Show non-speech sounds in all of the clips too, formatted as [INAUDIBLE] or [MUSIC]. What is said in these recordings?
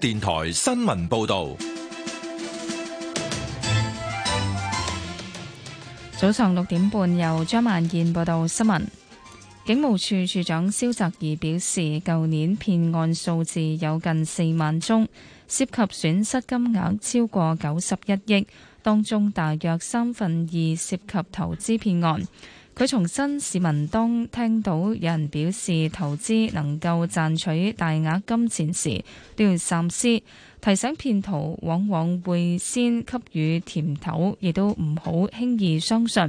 電台新聞報道，早上六點半由張萬燕報道新聞。警務處處長蕭澤頤表示，舊年騙案數字有近四萬宗，涉及損失金額超過九十一億，當中大約三分二涉及投資騙案。佢重申市民當聽到有人表示投資能夠賺取大額金錢時，都要三思。提醒騙徒往往會先給予甜頭，亦都唔好輕易相信。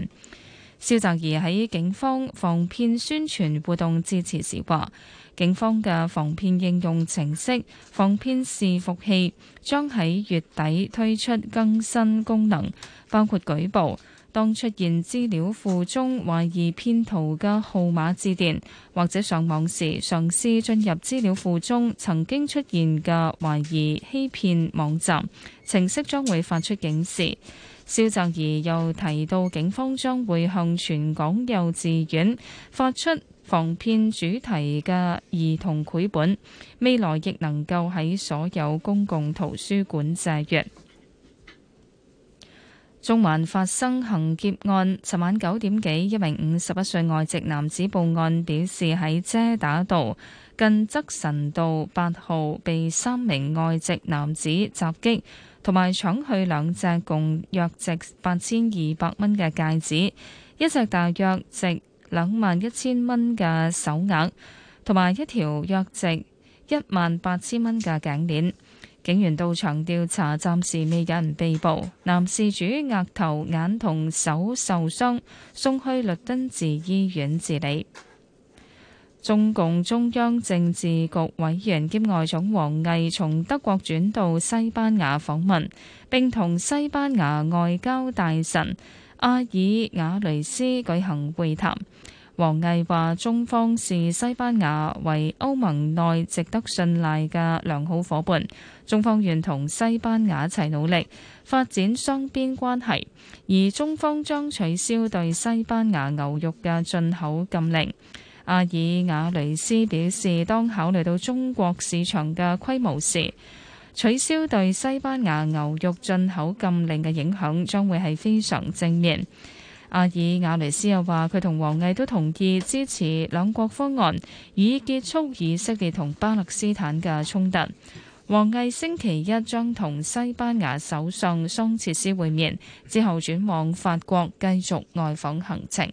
蕭澤頤喺警方防騙宣傳活動致辭時話：警方嘅防騙應用程式防騙視伺服器將喺月底推出更新功能，包括舉報。當出現資料庫中懷疑騙徒嘅號碼致電或者上網時，嘗試進入資料庫中曾經出現嘅懷疑欺騙網站，程式將會發出警示。蕭澤怡又提到，警方將會向全港幼稚園發出防騙主題嘅兒童繪本，未來亦能夠喺所有公共圖書館借閱。中環發生行劫案，尋晚九點幾，一名五十一歲外籍男子報案，表示喺遮打道近昃臣道八號被三名外籍男子襲擊，同埋搶去兩隻共約值八千二百蚊嘅戒指，一隻大約值兩萬一千蚊嘅手鐲，同埋一條約值一萬八千蚊嘅頸鏈。警員到場調查，暫時未有人被捕。男事主額頭、眼同手受傷，送去律敦治醫院治理。中共中央政治局委員兼外長王毅從德國轉到西班牙訪問，並同西班牙外交大臣阿爾瓦雷斯舉行會談。王毅話：中方視西班牙為歐盟內值得信賴嘅良好夥伴。中方願同西班牙一齊努力發展雙邊關係，而中方將取消對西班牙牛肉嘅進口禁令。阿爾瓦雷斯表示，當考慮到中國市場嘅規模時，取消對西班牙牛肉進口禁令嘅影響將會係非常正面。阿爾瓦雷斯又話，佢同王毅都同意支持兩國方案，以結束以色列同巴勒斯坦嘅衝突。王毅星期一將同西班牙首相桑切斯會面，之後轉往法國繼續外訪行程。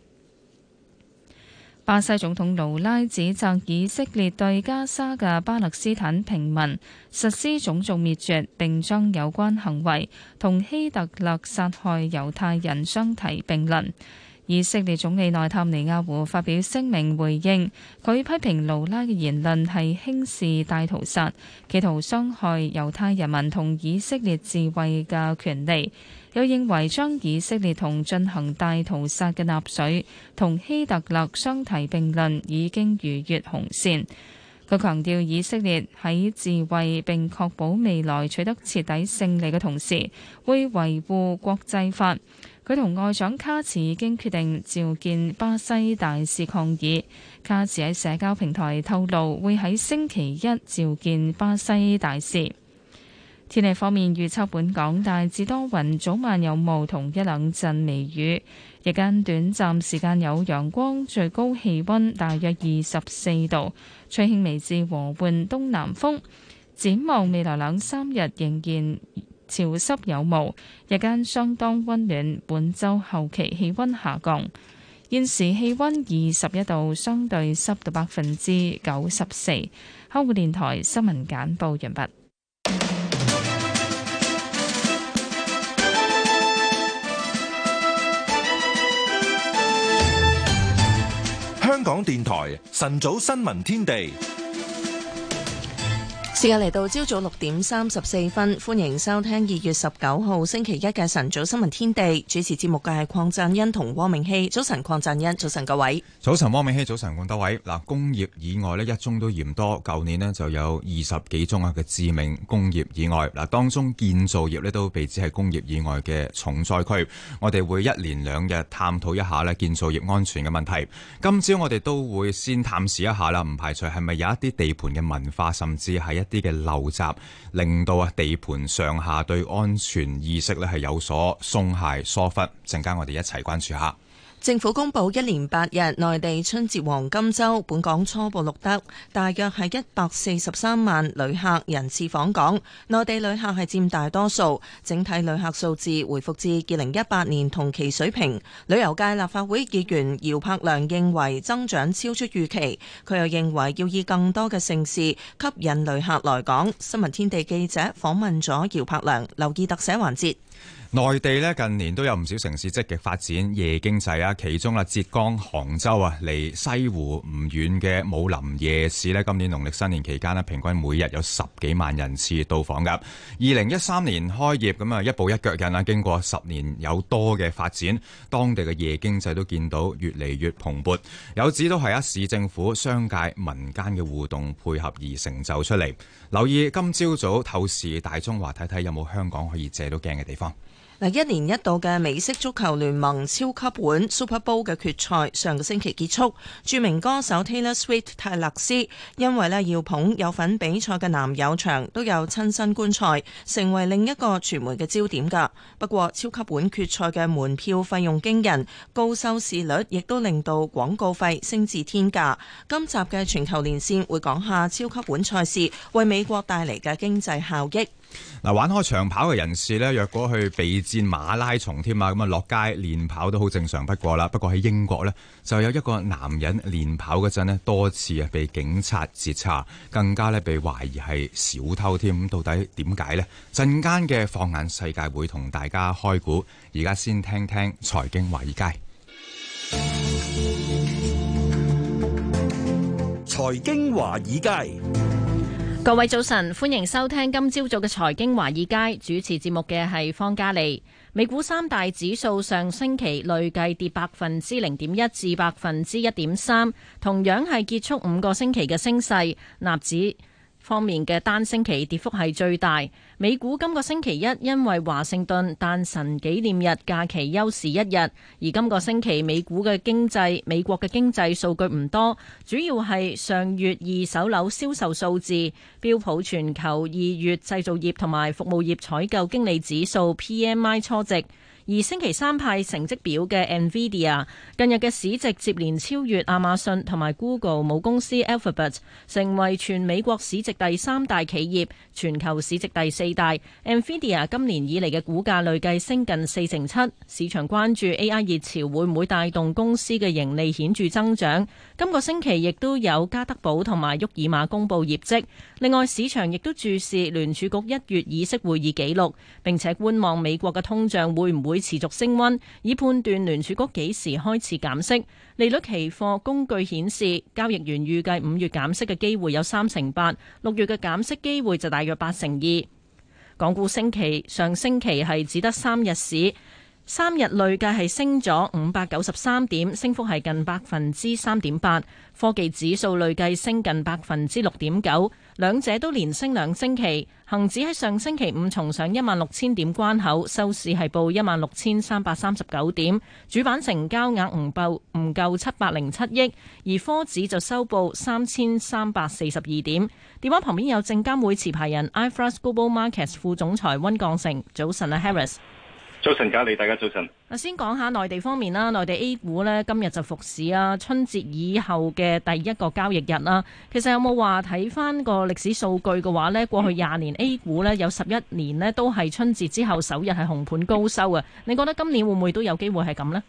巴西總統盧拉指責以色列對加沙嘅巴勒斯坦平民實施種族滅絕，並將有關行為同希特勒殺害猶太人相提並論。以色列總理內塔尼亞胡發表聲明回應，佢批評盧拉嘅言論係輕視大屠殺，企圖傷害猶太人民同以色列自衛嘅權利，又認為將以色列同進行大屠殺嘅納粹同希特勒相提並論已經逾越紅線。佢強調，以色列喺自衛並確保未來取得徹底勝利嘅同時，會維護國際法。佢同外長卡茨已經決定召見巴西大使抗議。卡茨喺社交平台透露，會喺星期一召見巴西大使。天氣方面預測本港大致多雲，早晚有霧同一兩陣微雨，日間短暫時間有陽光，最高氣温大約二十四度，吹輕微至和緩東南風。展望未來兩三日仍然潮濕有霧，日間相當溫暖。本周後期氣溫下降。現時氣溫二十一度，相對濕度百分之九十四。香港電台新聞簡報完畢。香港電台晨早新聞天地。時間嚟到朝早六點三十四分，歡迎收聽二月十九號星期一嘅晨早新聞天地。主持節目嘅係鄺振欣同汪明熙。早晨，鄺振欣。早晨，各位。早晨，汪明熙，早晨，各位。嗱，工業意外呢一宗都嫌多，舊年呢就有二十幾宗啊嘅致命工業意外。嗱，當中建造業呢都被指係工業意外嘅重災區。我哋會一連兩日探討一下呢建造業安全嘅問題。今朝我哋都會先探視一下啦，唔排除係咪有一啲地盤嘅文化，甚至係一。啲嘅陋習令到啊地盤上下對安全意識咧係有所鬆懈疏忽。陣間我哋一齊關注下。政府公布一連八日內地春節黃金周，本港初步錄得大約係一百四十三萬旅客人次訪港，內地旅客係占大多數，整體旅客數字回復至二零一八年同期水平。旅遊界立法會議員姚柏良認為增長超出預期，佢又認為要以更多嘅盛事吸引旅客來港。新聞天地記者訪問咗姚柏良，留意特寫環節。內地咧近年都有唔少城市積極發展夜經濟啊，其中啊浙江杭州啊離西湖唔遠嘅武林夜市咧，今年農曆新年期間咧平均每日有十幾萬人次到訪噶。二零一三年開業，咁啊一步一腳印啦，經過十年有多嘅發展，當地嘅夜經濟都見到越嚟越蓬勃，有指都係啊市政府、商界、民間嘅互動配合而成就出嚟。留意今朝早透視大中華，睇睇有冇香港可以借到鏡嘅地方。嗱，一年一度嘅美式足球聯盟超級碗 Super Bowl 嘅決賽上個星期結束，著名歌手 Taylor Swift 泰勒斯因為咧要捧有份比賽嘅男友場都有親身觀賽，成為另一個傳媒嘅焦點㗎。不過超級碗決賽嘅門票費用驚人，高收視率亦都令到廣告費升至天價。今集嘅全球連線會講下超級碗賽事為美國帶嚟嘅經濟效益。嗱，玩開長跑嘅人士咧，若果去備戰馬拉松添啊，咁啊落街練跑都好正常不過啦。不過喺英國呢，就有一個男人練跑嗰陣咧，多次啊被警察截查，更加咧被懷疑係小偷添。到底點解呢？陣間嘅放眼世界會同大家開估，而家先聽聽財經華爾街。財經華爾街。各位早晨，歡迎收聽今朝早嘅財經華爾街。主持節目嘅係方嘉莉。美股三大指數上星期累計跌百分之零點一至百分之一點三，同樣係結束五個星期嘅升勢。納指方面嘅單星期跌幅係最大，美股今個星期一因為華盛頓誕辰紀念日假期休市一日，而今個星期美股嘅經濟美國嘅經濟數據唔多，主要係上月二手樓銷售數字、標普全球二月製造業同埋服務業採購經理指數 PMI 初值。而星期三派成績表嘅 Nvidia 近日嘅市值接連超越亞馬遜同埋 Google 母公司 Alphabet，成為全美國市值第三大企業、全球市值第四大。Nvidia 今年以嚟嘅股價累計升近四成七，市場關注 AI 熱潮會唔會帶動公司嘅盈利顯著增長。今個星期亦都有家得寶同埋沃爾瑪公布業績，另外市場亦都注視聯儲局一月議息會議紀錄，並且觀望美國嘅通脹會唔會持續升溫，以判斷聯儲局幾時開始減息。利率期貨工具顯示，交易員預計五月減息嘅機會有三成八，六月嘅減息機會就大約八成二。港股星期上星期係只得三日市，三日累計係升咗五百九十三點，升幅係近百分之三點八。科技指數累計升近百分之六點九。兩者都連升兩星期，恒指喺上星期五重上一萬六千點關口，收市係報一萬六千三百三十九點，主板成交額唔夠唔夠七百零七億，而科指就收報三千三百四十二點。電話旁邊有證監會持牌人 iFAST Global Markets 副總裁温鋼成，早晨啊，Harris。早晨，嘉利，大家早晨。嗱，先講下內地方面啦，內地 A 股咧今日就復市啊，春節以後嘅第一個交易日啦、啊。其實有冇話睇翻個歷史數據嘅話咧，過去廿年 A 股咧有十一年呢都係春節之後首日係紅盤高收啊。你覺得今年會唔會都有機會係咁呢？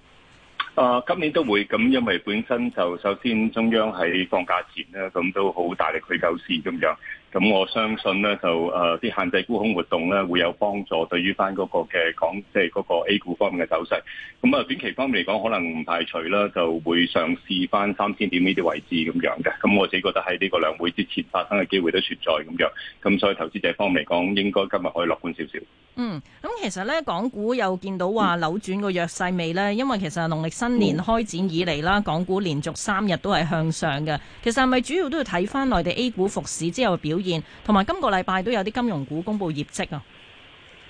誒、呃，今年都會咁，因為本身就首先中央喺放假前呢，咁都好大力去救市咁樣。咁我相信咧就，誒啲限制沽空活動咧會有幫助對於翻嗰個嘅港即係嗰個 A 股方面嘅走勢，咁啊短期方面嚟講，可能唔排除啦，就會嘗試翻三千點呢啲位置咁樣嘅。咁我自己覺得喺呢個兩會之前發生嘅機會都存在咁樣。咁所以投資者方面嚟講，應該今日可以樂觀少少。嗯，咁其實咧，港股又見到話扭轉個弱勢未咧？因為其實農曆新年開展以嚟啦，港股連續三日都係向上嘅。其實係咪主要都要睇翻內地 A 股復市之後表？嗯嗯現，同埋今個禮拜都有啲金融股公佈業績啊。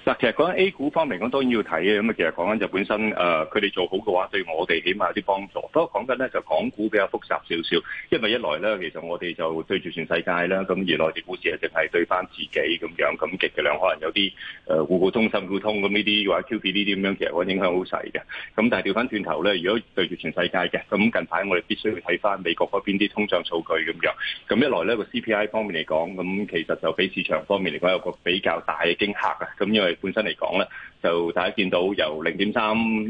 嗱，其實講緊 A 股方面，我當然要睇嘅。咁啊，其實講緊就本身，誒佢哋做好嘅話，對我哋起碼有啲幫助。不過講緊咧就港股比較複雜少少，因為一來咧，其實我哋就對住全世界啦。咁二來啲股市啊，淨係對翻自己咁樣，咁極嘅量可能有啲誒、呃、滬股通、深股通咁呢啲，或者 QD 啲啲咁樣，其實個影響好細嘅。咁但係掉翻轉頭咧，如果對住全世界嘅，咁近排我哋必須要睇翻美國嗰邊啲通脹數據咁樣。咁一來咧個 CPI 方面嚟講，咁其實就俾市場方面嚟講有個比較大嘅驚嚇啊。咁因為本身嚟講咧，就大家見到由零點三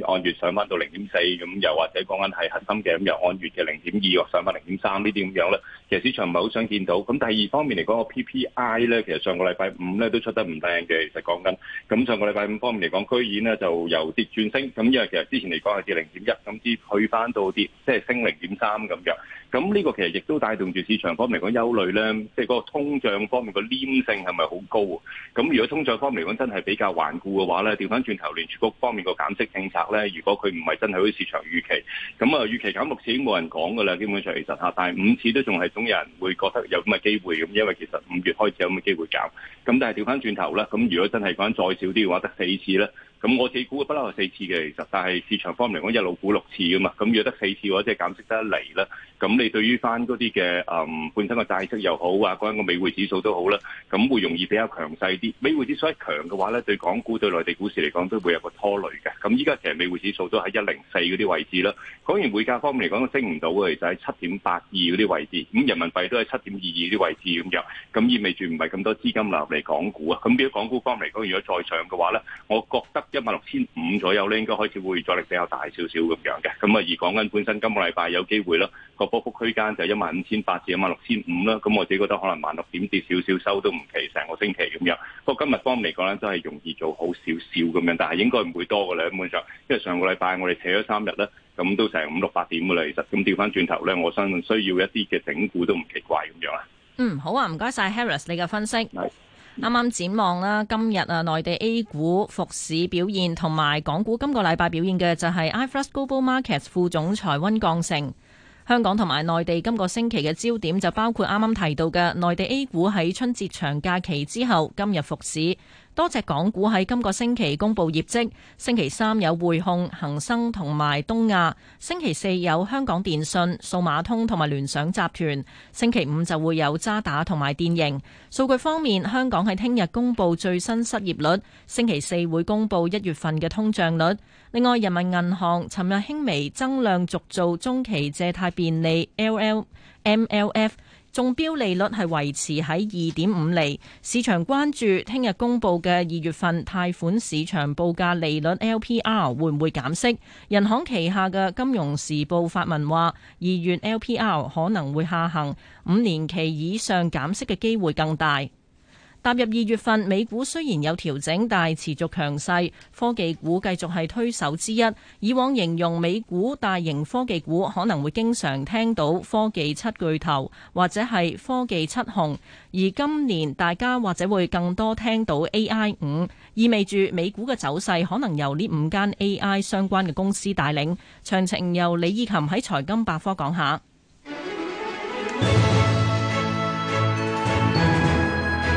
按月上翻到零點四，咁又或者講緊係核心嘅，咁又按月嘅零點二上翻零點三呢啲咁樣咧，其實市場唔係好想見到。咁第二方面嚟講，個 PPI 咧，其實上個禮拜五咧都出得唔靚嘅，其實講緊。咁上個禮拜五方面嚟講，居然咧就由跌轉升，咁因為其實之前嚟講係跌零點一，咁至去翻到跌，即係升零點三咁樣。咁呢個其實亦都帶動住市場方面嚟講憂慮咧，即係嗰個通脹方面個黏性係咪好高？咁如果通脹方面嚟講真係，比較頑固嘅話咧，調翻轉頭，聯儲局方面個減息政策咧，如果佢唔係真係好市場預期，咁啊預期減六次已經冇人講噶啦，基本上其實吓，但係五次都仲係總有人會覺得有咁嘅機會咁，因為其實五月開始有咁嘅機會減，咁但係調翻轉頭咧，咁如果真係講再少啲嘅話，得四次啦。咁我自估嘅不嬲係四次嘅，其實，但係市場方面嚟講，一路估六次噶嘛。咁若得四次嘅話，即係減息得一厘啦。咁你對於翻嗰啲嘅誒本身嘅債息又好啊，嗰個美匯指數都好啦，咁會容易比較強勢啲。美匯指數一強嘅話咧，對港股對內地股市嚟講都會有個拖累嘅。咁依家其實美匯指數都喺一零四嗰啲位置啦。講完匯價方面嚟講，升唔到嘅，就喺七點八二嗰啲位置。咁人民幣都喺七點二二啲位置咁樣。咁意味住唔係咁多資金流入嚟港股啊。咁變咗港股方面嚟講，如果再上嘅話咧，我覺得。一萬六千五左右咧，應該開始會阻力比較大少少咁樣嘅。咁啊，而講緊本身今個禮拜有機會啦，個波幅區間就一萬五千八至一萬六千五啦。咁我自己覺得可能萬六點至少少收都唔奇，成個星期咁樣。不過今日方面嚟講咧，真係容易做好少少咁樣，但係應該唔會多嘅啦。基本上，因為上個禮拜我哋扯咗三日啦，咁都成五六百點嘅啦。其實咁調翻轉頭咧，我相信需要一啲嘅整固都唔奇怪咁樣啊。嗯，好啊，唔該晒 Harris 你嘅分析。Yes. 啱啱展望啦，今日啊，內地 A 股復市表現同埋港股今個禮拜表現嘅就係 iFAST Global Markets 副總裁温鋼城。香港同埋內地今個星期嘅焦點就包括啱啱提到嘅內地 A 股喺春節長假期之後今日復市。多隻港股喺今個星期公布業績，星期三有匯控、恒生同埋東亞，星期四有香港電訊、數碼通同埋聯想集團，星期五就會有渣打同埋電盈。數據方面，香港喺聽日公布最新失業率，星期四會公布一月份嘅通脹率。另外，人民銀行尋日輕微增量續做中期借貸便利 （MLF）。中標利率係維持喺二點五厘，市場關注聽日公布嘅二月份貸款市場報價利率 LPR 會唔會減息？人行旗下嘅金融時報發文話，二月 LPR 可能會下行，五年期以上減息嘅機會更大。踏入二月份，美股雖然有調整，但係持續強勢，科技股繼續係推手之一。以往形容美股大型科技股可能會經常聽到科技七巨頭或者係科技七雄，而今年大家或者會更多聽到 AI 五，意味住美股嘅走勢可能由呢五間 AI 相關嘅公司帶領。詳情由李以琴喺財經百科講下。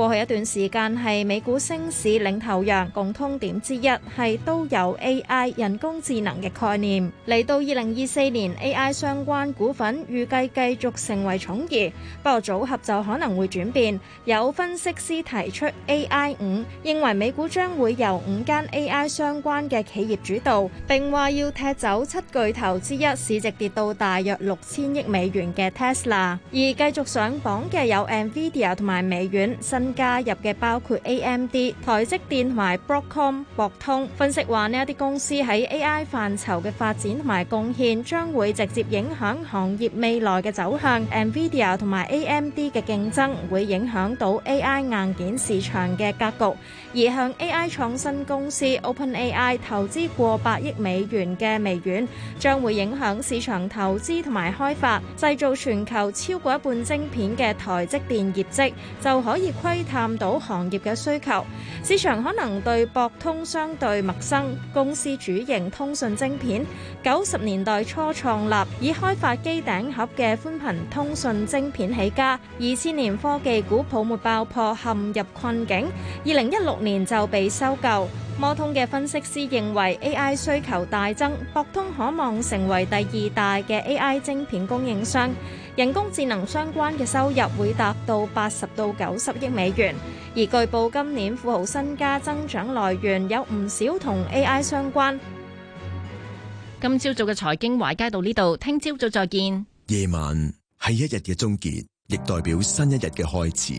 過去一段時間係美股升市領頭羊，共通點之一係都有 AI 人工智能嘅概念。嚟到二零二四年，AI 相關股份預計繼，繼續成為寵兒，不過組合就可能會轉變。有分析師提出 AI 五，認為美股將會由五間 AI 相關嘅企業主導，並話要踢走七巨頭之一，市值跌到大約六千億美元嘅 Tesla。而繼續上榜嘅有 Nvidia 同埋微軟。新加入嘅包括 AMD、台積電同埋 Broadcom、博通，分析話呢一啲公司喺 AI 範疇嘅發展同埋貢獻，將會直接影響行業未來嘅走向。NVIDIA 同埋 AMD 嘅競爭，會影響到 AI 硬件市場嘅格局。而向 AI 創新公司 OpenAI 投資過百億美元嘅微軟，將會影響市場投資同埋開發，製造全球超過一半晶片嘅台積電業績，就可以窺探到行業嘅需求。市場可能對博通相對陌生。公司主營通訊晶片，九十年代初創立，以開發機頂盒嘅寬頻通訊晶片起家。二千年科技股泡沫爆破，陷入困境。二零一六年就被收購，摩通嘅分析師認為 AI 需求大增，博通可望成為第二大嘅 AI 晶片供應商。人工智能相關嘅收入會達到八十到九十億美元。而據報，今年富豪身家增長來源有唔少同 AI 相關。今朝早嘅財經華街到呢度，聽朝早再見。夜晚係一日嘅終結，亦代表新一日嘅開始。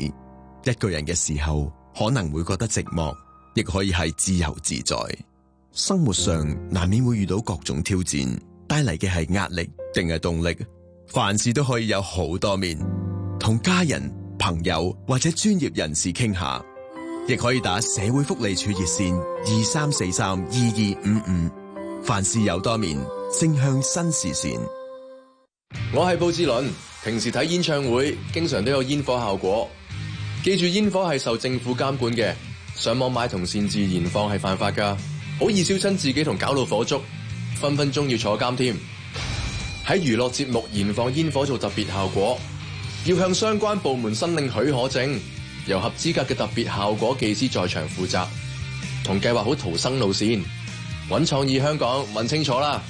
一個人嘅時候。可能會覺得寂寞，亦可以係自由自在。生活上難免會遇到各種挑戰，帶嚟嘅係壓力定係動力。凡事都可以有好多面，同家人、朋友或者專業人士傾下，亦可以打社會福利處熱線二三四三二二五五。凡事有多面，正向新視線。我係布志綸，平時睇演唱會經常都有煙火效果。記住煙火係受政府監管嘅，上網買同擅自燃放係犯法噶，好易燒親自己同搞到火燭，分分鐘要坐監添。喺娛樂節目燃放煙火做特別效果，要向相關部門申領許可證，由合資格嘅特別效果技師在場負責，同計劃好逃生路線，搵創意香港，問清楚啦。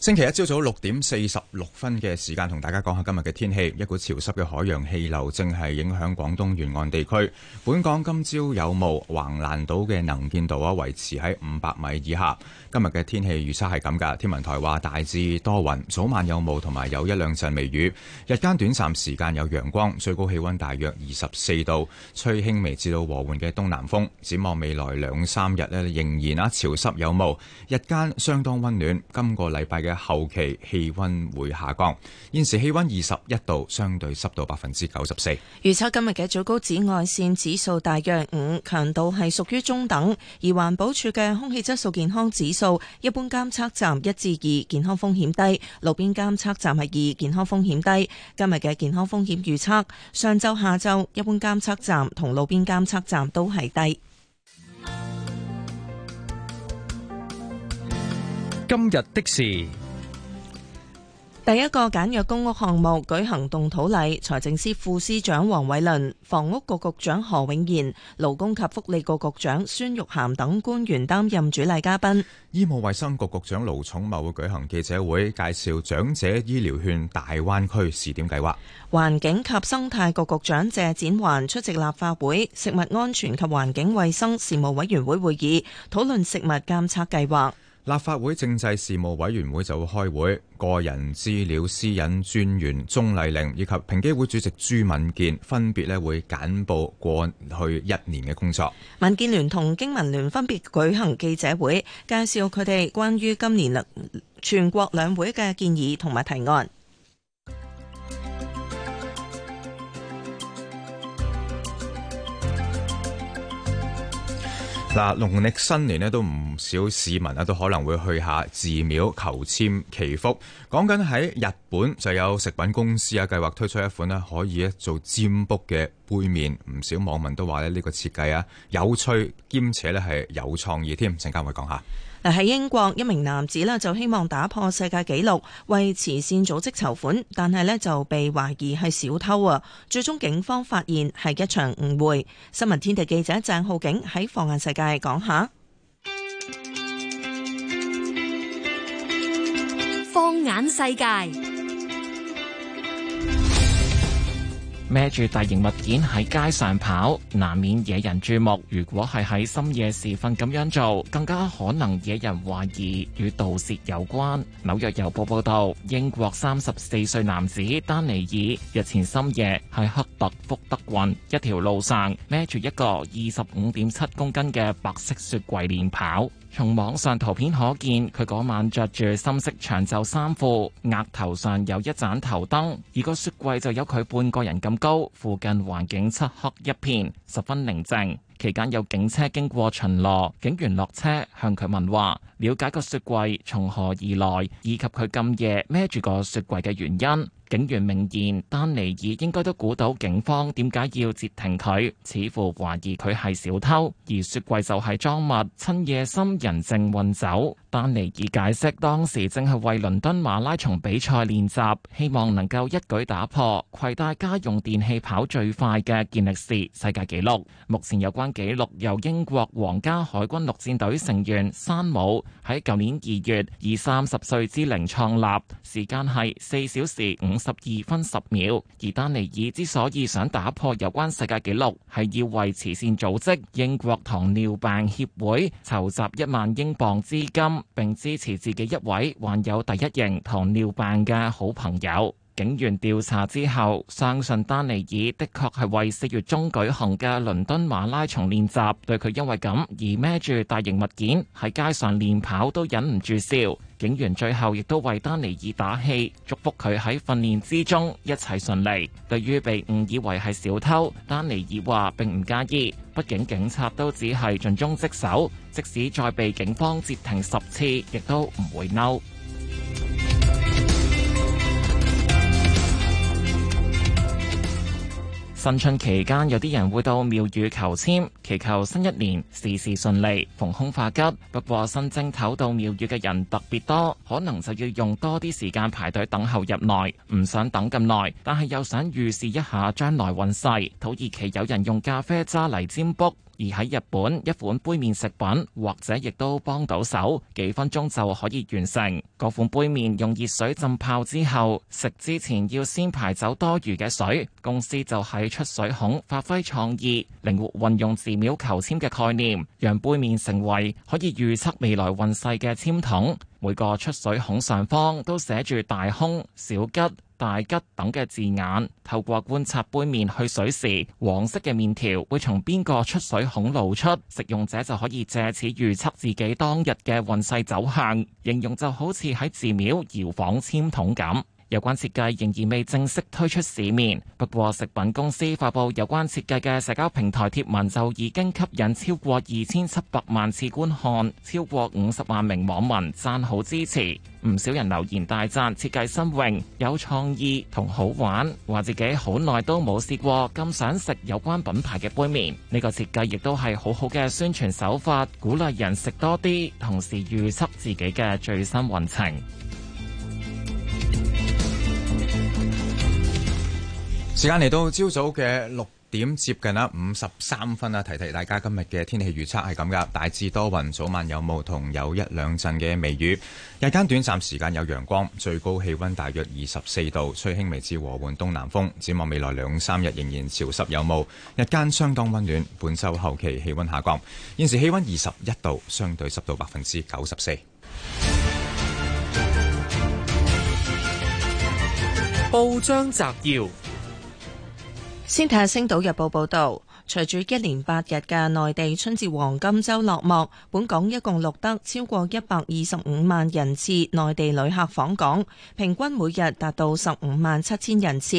星期一朝早六點四十六分嘅時間，同大家講下今日嘅天氣。一股潮濕嘅海洋氣流正係影響廣東沿岸地區。本港今朝有霧，橫瀾島嘅能見度啊維持喺五百米以下。今日嘅天氣預測係咁㗎，天文台話大致多雲，早晚有霧，同埋有一兩陣微雨，日間短暫時間有陽光，最高氣溫大約二十四度，吹輕微至到和緩嘅東南風。展望未來兩三日呢，仍然啊潮濕有霧，日間相當溫暖。今個禮拜嘅後期氣溫會下降，現時氣溫二十一度，相對濕度百分之九十四。預測今日嘅最高紫外線指數大約五，強度係屬於中等，而環保署嘅空氣質素健康指數，一般監測站一至二，健康風險低；路邊監測站係二，健康風險低。今日嘅健康風險預測，上晝下晝一般監測站同路邊監測站都係低。今日的事。第一個簡約公屋項目舉行動土禮，財政司副司長黃偉綸、房屋局局長何永賢、勞工及福利局局長孫玉菡等官員擔任主禮嘉賓。醫務衛生局局長盧寵茂會舉行記者會，介紹長者醫療券大灣區試點計劃。環境及生態局局長謝展寰出席立法會食物安全及環境衛生事務委員會會議，討論食物監測計劃。立法會政制事務委員會就會開會，個人資料私隱專員鍾麗玲以及平機會主席朱敏健分別咧會簡報過去一年嘅工作。民建聯同經民聯分別舉行記者會，介紹佢哋關於今年全國兩會嘅建議同埋提案。嗱，農曆新年咧都唔少市民咧都可能會去下寺廟求籤祈福。講緊喺日本就有食品公司啊計劃推出一款咧可以做占卜嘅杯麵，唔少網民都話咧呢個設計啊有趣，兼且咧係有創意添。請嘉偉講下。嗱喺英國，一名男子咧就希望打破世界紀錄，為慈善組織籌款，但係咧就被懷疑係小偷啊！最終警方發現係一場誤會。新聞天地記者鄭浩景喺《放眼世界》講下，《放眼世界》。孭住大型物件喺街上跑，難免惹人注目。如果係喺深夜時分咁樣做，更加可能惹人懷疑與盜竊有關。紐約郵報報道，英國三十四歲男子丹尼爾日前深夜喺赫特福德郡一條路上孭住一個二十五點七公斤嘅白色雪櫃連跑。從網上圖片可見，佢嗰晚着住深色長袖衫褲，額頭上有一盞頭燈，而個雪櫃就有佢半個人咁高。附近環境漆黑一片，十分寧靜。期間有警車經過巡邏，警員落車向佢問話，了解個雪櫃從何而來，以及佢咁夜孭住個雪櫃嘅原因。警員明言，丹尼爾應該都估到警方點解要截停佢，似乎懷疑佢係小偷，而雪櫃就係贓物，趁夜深人靜運走。丹尼爾解釋，當時正係為倫敦馬拉松比賽練習，希望能夠一舉打破携帶家用電器跑最快嘅健力士世界紀錄。目前有關紀錄由英國皇家海軍陸戰隊成員山姆喺舊年二月以三十歲之齡創立，時間係四小時五。十二分十秒，而丹尼爾之所以想打破有關世界紀錄，係要為慈善組織英國糖尿病協會籌集一萬英鎊資金，並支持自己一位患有第一型糖尿病嘅好朋友。警員調查之後，相信丹尼爾的確係為四月中舉行嘅倫敦馬拉松練習，對佢因為咁而孭住大型物件喺街上練跑都忍唔住笑。警員最後亦都為丹尼爾打氣，祝福佢喺訓練之中一切順利。對於被誤以為係小偷，丹尼爾話並唔介意，畢竟警察都只係盡忠職守，即使再被警方截停十次，亦都唔會嬲。新春期間，有啲人會到廟宇求籤，祈求新一年事事順利、逢凶化吉。不過，新正頭到廟宇嘅人特別多，可能就要用多啲時間排隊等候入內。唔想等咁耐，但係又想預示一下將來運勢，土耳其有人用咖啡渣嚟占卜。而喺日本，一款杯麵食品或者亦都幫到手，幾分鐘就可以完成。嗰款杯麵用熱水浸泡之後食之前要先排走多餘嘅水。公司就喺出水孔發揮創意，靈活運用寺廟求籤嘅概念，讓杯麵成為可以預測未來運勢嘅籤筒。每個出水孔上方都寫住大凶、小吉、大吉等嘅字眼。透過觀察杯麵去水時，黃色嘅麵條會從邊個出水孔露出，食用者就可以借此預測自己當日嘅運勢走向。形容就好似喺寺廟搖晃籤筒咁。有關設計仍然未正式推出市面，不過食品公司發布有關設計嘅社交平台貼文就已經吸引超過二千七百萬次觀看，超過五十萬名網民讚好支持。唔少人留言大讚設計新穎、有創意同好玩，話自己好耐都冇試過咁想食有關品牌嘅杯麵。呢個設計亦都係好好嘅宣傳手法，鼓勵人食多啲，同時預測自己嘅最新運程。時間嚟到朝早嘅六點接近啦五十三分啦，提提大家今日嘅天氣預測係咁噶，大致多雲，早晚有霧同有一兩陣嘅微雨，日間短暫時間有陽光，最高氣溫大約二十四度，吹輕微至和緩東南風，展望未來兩三日仍然潮濕有霧，日間相當溫暖，本周後期氣溫下降，現時氣溫二十一度，相對濕度百分之九十四，報章摘要。先睇下《星島日報》報導，隨住一連八日嘅內地春節黃金周落幕，本港一共錄得超過一百二十五萬人次內地旅客訪港，平均每日達到十五萬七千人次。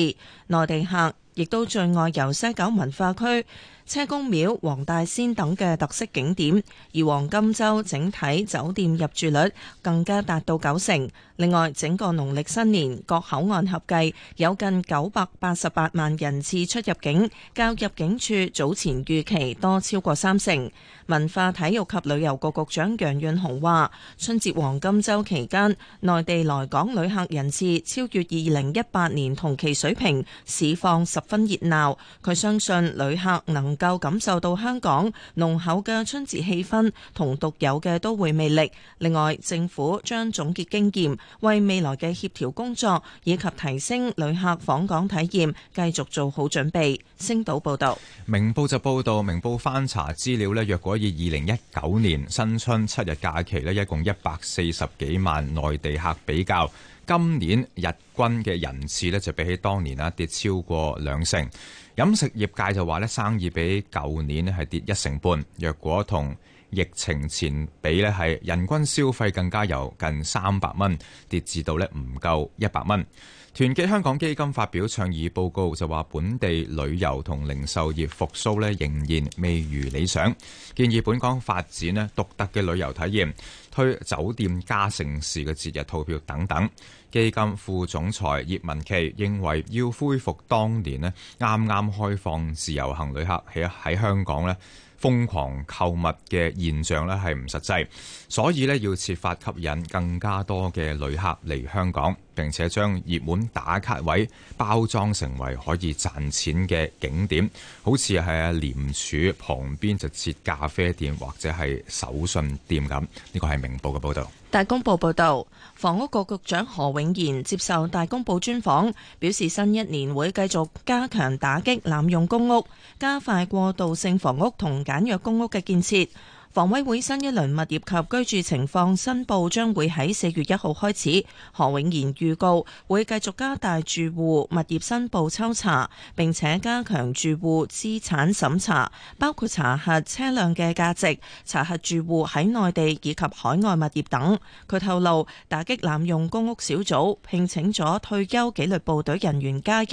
內地客亦都最愛遊西九文化區、車公廟、黃大仙等嘅特色景點，而黃金周整體酒店入住率更加達到九成。另外，整個農曆新年各口岸合計有近九百八十八萬人次出入境，較入境處早前預期多超過三成。文化體育及旅遊局局長楊潤雄話：春節黃金周期間，內地來港旅客人次超越二零一八年同期水平，市況十分熱鬧。佢相信旅客能夠感受到香港濃厚嘅春節氣氛同獨有嘅都會魅力。另外，政府將總結經驗，為未來嘅協調工作以及提升旅客訪港體驗，繼續做好準備。星島報道。明報就報道，明報翻查資料呢，若果以二零一九年新春七日假期呢，一共一百四十幾萬內地客，比較今年日均嘅人次呢，就比起當年啊跌超過兩成。飲食業界就話咧，生意比舊年咧係跌一成半，若果同疫情前比咧係，人均消費更加由近三百蚊跌至到咧唔夠一百蚊。團結香港基金發表倡議報告就話，本地旅遊同零售業復甦咧仍然未如理想，建議本港發展咧獨特嘅旅遊體驗，推酒店加城市嘅節日套票等等。基金副總裁葉文琪認為，要恢復當年咧啱啱開放自由行旅客喺喺香港咧瘋狂購物嘅現象咧係唔實際，所以咧要設法吸引更加多嘅旅客嚟香港。並且將熱門打卡位包裝成為可以賺錢嘅景點，好似係廉署旁邊就設咖啡店或者係手信店咁。呢個係明報嘅報導。大公報報導，房屋局局長何永賢接受大公報專訪，表示新一年會繼續加強打擊濫用公屋，加快過渡性房屋同簡約公屋嘅建設。房委會新一輪物業及居住情況申報將會喺四月一號開始。何永賢預告會繼續加大住戶物業申報抽查，並且加強住戶資產審查，包括查核車輛嘅價值、查核住戶喺內地以及海外物業等。佢透露，打擊濫用公屋小組聘請咗退休紀律部隊人員加入，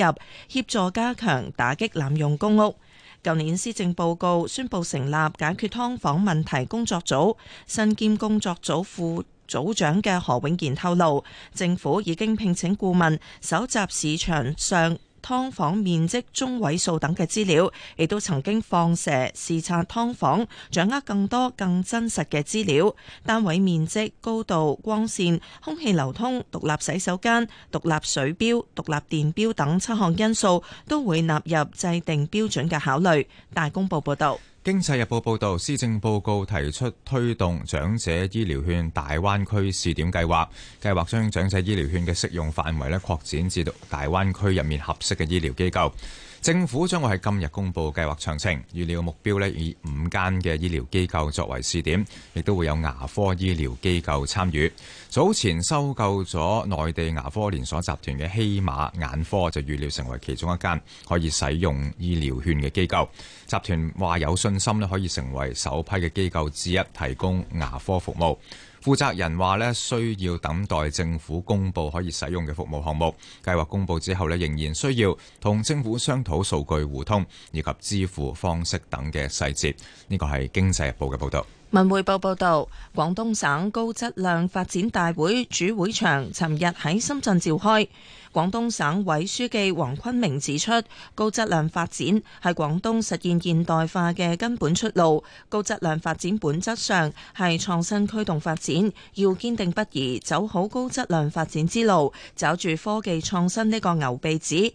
協助加強打擊濫用公屋。舊年施政報告宣布成立解決劏房問題工作組，身兼工作組副組長嘅何永賢透露，政府已經聘請顧問搜集市場上劏房面積中位數等嘅資料，亦都曾經放蛇視察劏房，掌握更多更真實嘅資料。單位面積、高度、光線、空氣流通、獨立洗手間、獨立水錶、獨立電錶等七項因素，都會納入制定標準嘅考慮。大公報報導。經濟日報報道，施政報告提出推動長者醫療券大灣區試點計劃，計劃將長者醫療券嘅適用範圍咧擴展至到大灣區入面合適嘅醫療機構。政府將會喺今日公布計劃詳情，預料目標呢，以五間嘅醫療機構作為試點，亦都會有牙科醫療機構參與。早前收購咗內地牙科連鎖集團嘅希瑪眼科就預料成為其中一間可以使用醫療券嘅機構。集團話有信心呢，可以成為首批嘅機構之一，提供牙科服務。負責人話呢，需要等待政府公布可以使用嘅服務項目。計劃公布之後呢，仍然需要同政府商討數據互通以及支付方式等嘅細節。呢個係《經濟日報》嘅報導。文匯報報道，廣東省高質量發展大會主會場尋日喺深圳召開。廣東省委書記黃坤明指出，高質量發展係廣東實現現代化嘅根本出路。高質量發展本質上係創新驅動發展，要堅定不移走好高質量發展之路，找住科技創新呢個牛鼻子。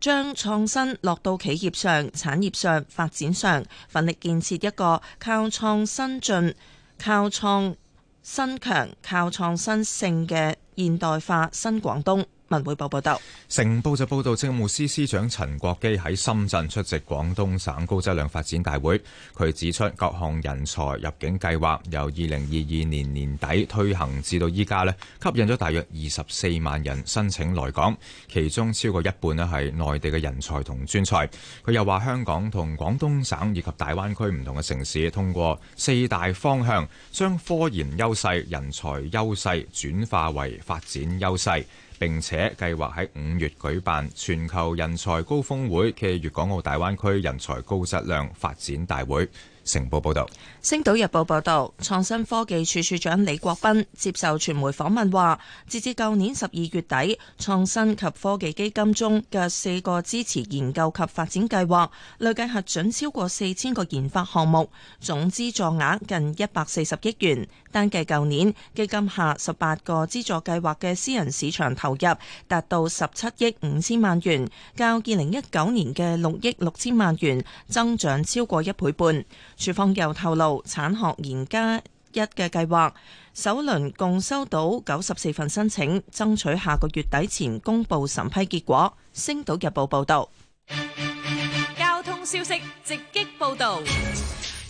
將創新落到企業上、產業上、發展上，奮力建設一個靠創新進、靠創新強、靠創新勝嘅現代化新廣東。文匯報報道，成報就報道政務司司長陳國基喺深圳出席廣東省高質量發展大會。佢指出，各項人才入境計劃由二零二二年年底推行至到依家呢，吸引咗大約二十四萬人申請來港，其中超過一半呢係內地嘅人才同專才。佢又話，香港同廣東省以及大灣區唔同嘅城市，通過四大方向，將科研優勢、人才優勢轉化為發展優勢。並且計劃喺五月舉辦全球人才高峰會暨粵港澳大灣區人才高質量發展大會。成報報導，《星島日報》報導，創新科技處處長李國斌接受傳媒訪問，話，截至舊年十二月底，創新及科技基金中嘅四個支持研究及發展計劃，累計核准超過四千個研發項目，總資助額近一百四十億元。單計舊年基金下十八個資助計劃嘅私人市場投入達到十七億五千萬元，較二零一九年嘅六億六千萬元增長超過一倍半。署方又透露，產學研加一嘅計劃，首輪共收到九十四份申請，爭取下個月底前公布審批結果。星島日報報道。交通消息直擊報道。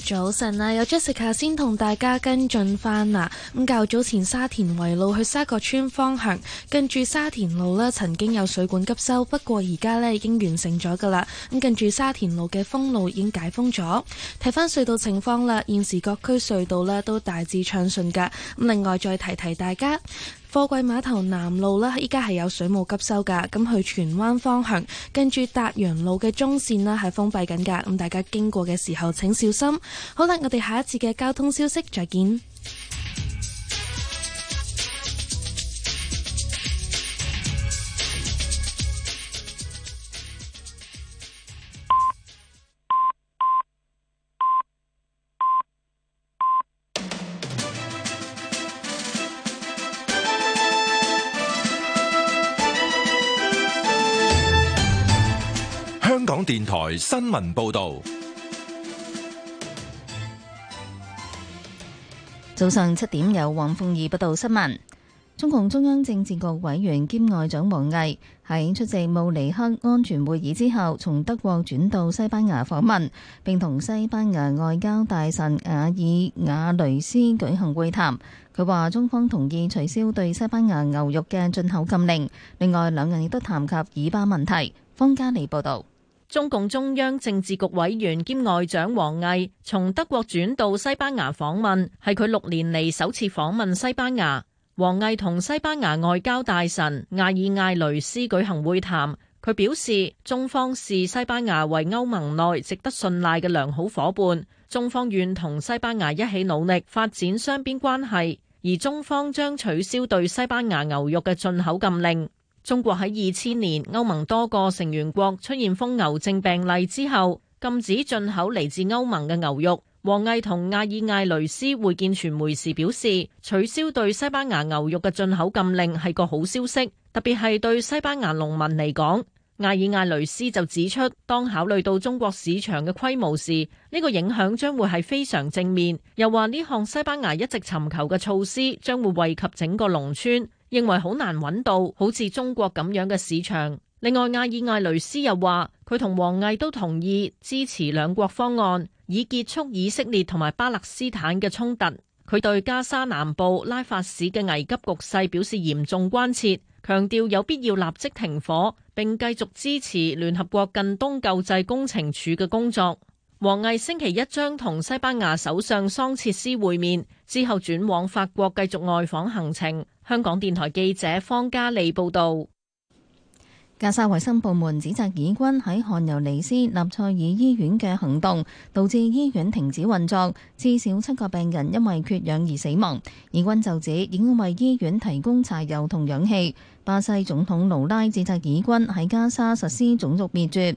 早晨啊，有 Jessica 先同大家跟進翻啦。咁、嗯、較早前沙田圍路去沙角村方向，近住沙田路咧，曾經有水管急修，不過而家咧已經完成咗噶啦。咁近住沙田路嘅封路已經解封咗。睇翻隧道情況啦，現時各區隧道咧都大致暢順噶。咁另外再提提大家。貨櫃碼頭南路呢，依家係有水務急修噶，咁去荃灣方向，跟住達陽路嘅中線啦係封閉緊噶，咁大家經過嘅時候請小心。好啦，我哋下一次嘅交通消息再見。港電台新聞報道：早上七點有黃鳳儀報道新聞。中共中央政治局委員兼外長王毅喺出席慕尼黑安全會議之後，從德國轉到西班牙訪問，並同西班牙外交大臣雅爾瓦雷斯舉行會談。佢話中方同意取消對西班牙牛肉嘅進口禁令。另外，兩人亦都談及以巴問題。方家利報道。中共中央政治局委員兼外長王毅從德國轉到西班牙訪問，係佢六年嚟首次訪問西班牙。王毅同西班牙外交大臣阿爾艾雷斯舉行會談。佢表示，中方視西班牙為歐盟內值得信賴嘅良好夥伴，中方願同西班牙一起努力發展雙邊關係，而中方將取消對西班牙牛肉嘅進口禁令。中國喺二千年歐盟多個成員國出現瘋牛症病例之後，禁止進口嚟自歐盟嘅牛肉。王毅同阿爾艾雷斯會見傳媒時表示，取消對西班牙牛肉嘅進口禁令係個好消息，特別係對西班牙農民嚟講。阿爾艾雷斯就指出，當考慮到中國市場嘅規模時，呢個影響將會係非常正面。又話呢項西班牙一直尋求嘅措施，將會惠及整個農村。認為好難揾到，好似中國咁樣嘅市場。另外，阿爾艾雷斯又話，佢同王毅都同意支持兩國方案，以結束以色列同埋巴勒斯坦嘅衝突。佢對加沙南部拉法市嘅危急局勢表示嚴重關切，強調有必要立即停火，並繼續支持聯合國近東救濟工程署嘅工作。王毅星期一將同西班牙首相桑切斯會面，之後轉往法國繼續外訪行程。香港電台記者方嘉利報道。加沙衛生部門指責以軍喺漢尤尼斯納賽爾醫院嘅行動，導致醫院停止運作，至少七個病人因為缺氧而死亡。以軍就指已經為醫院提供柴油同氧氣。巴西總統盧拉指責以軍喺加沙實施種族滅絕。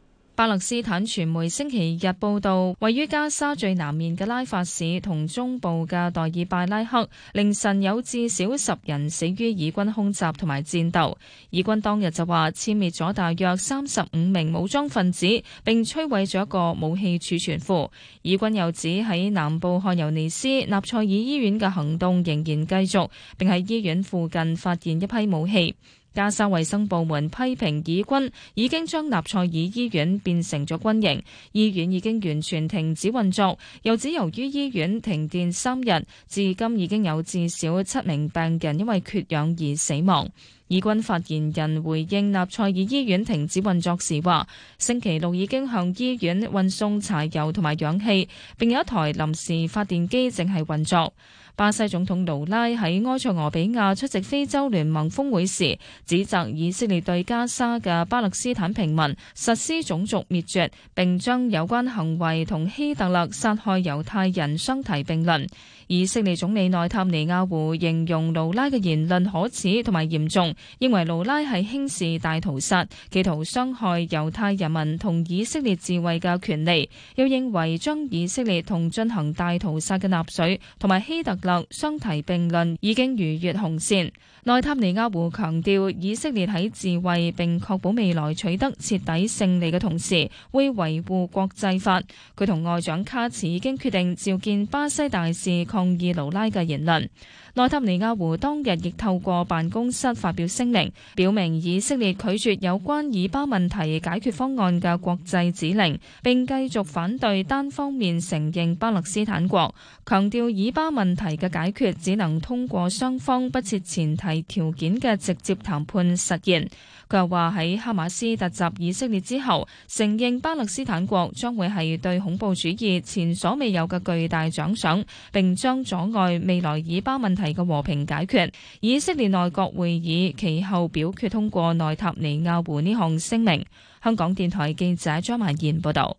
巴勒斯坦傳媒星期日報道，位於加沙最南面嘅拉法市同中部嘅代爾拜拉克，凌晨有至少十人死於以軍空襲同埋戰鬥。以軍當日就話殲滅咗大約三十五名武裝分子，並摧毀咗一個武器儲存庫。以軍又指喺南部漢尤尼斯納賽爾醫院嘅行動仍然繼續，並喺醫院附近發現一批武器。加沙衛生部門批評以軍已經將納賽爾醫院變成咗軍營，醫院已經完全停止運作。又指由於醫院停電三日，至今已經有至少七名病人因為缺氧而死亡。以軍發言人回應納賽爾醫院停止運作時話：星期六已經向醫院運送柴油同埋氧氣，並有一台臨時發電機正係運作。巴西總統盧拉喺埃塞俄比亞出席非洲聯盟峰會時，指責以色列對加沙嘅巴勒斯坦平民實施種族滅絕，並將有關行為同希特勒殺害猶太人相提並論。以色列總理內塔尼亞胡形容盧拉嘅言論可恥同埋嚴重，認為盧拉係輕視大屠殺，企圖傷害猶太人民同以色列自衛嘅權利，又認為將以色列同進行大屠殺嘅納粹同埋希特勒相提並論，已經逾越紅線。內塔尼亞胡強調，以色列喺自衛並確保未來取得徹底勝利嘅同時，會維護國際法。佢同外長卡茨已經決定召見巴西大使，抗議盧拉嘅言論。內塔尼亞胡當日亦透過辦公室發表聲明，表明以色列拒絕有關以巴問題解決方案嘅國際指令，並繼續反對單方面承認巴勒斯坦國，強調以巴問題嘅解決只能通過雙方不設前提條件嘅直接談判實現。佢話喺哈馬斯突襲以色列之後，承認巴勒斯坦國將會係對恐怖主義前所未有嘅巨大獎賞，並將阻礙未來以巴問題嘅和平解決。以色列內閣會議其後表決通過內塔尼亞胡呢項聲明。香港電台記者張曼賢報導。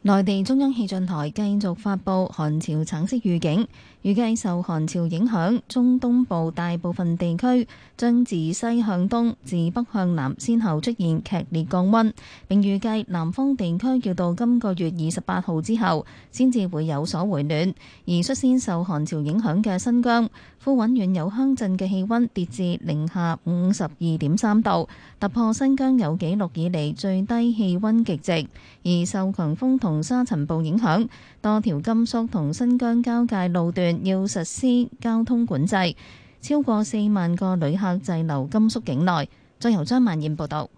內地中央氣象台繼續發布寒潮橙色預警。預計受寒潮影響，中東部大部分地區將自西向東，自北向南，先後出現劇烈降溫。並預計南方地區要到今個月二十八號之後先至會有所回暖。而率先受寒潮影響嘅新疆富蘊縣有鄉鎮嘅氣溫跌至零下五十二點三度，突破新疆有紀錄以嚟最低氣溫極值。而受強風同沙塵暴影響，多條甘肅同新疆交界路段，要實施交通管制，超過四萬個旅客滯留甘肅境內。再由張曼燕報道：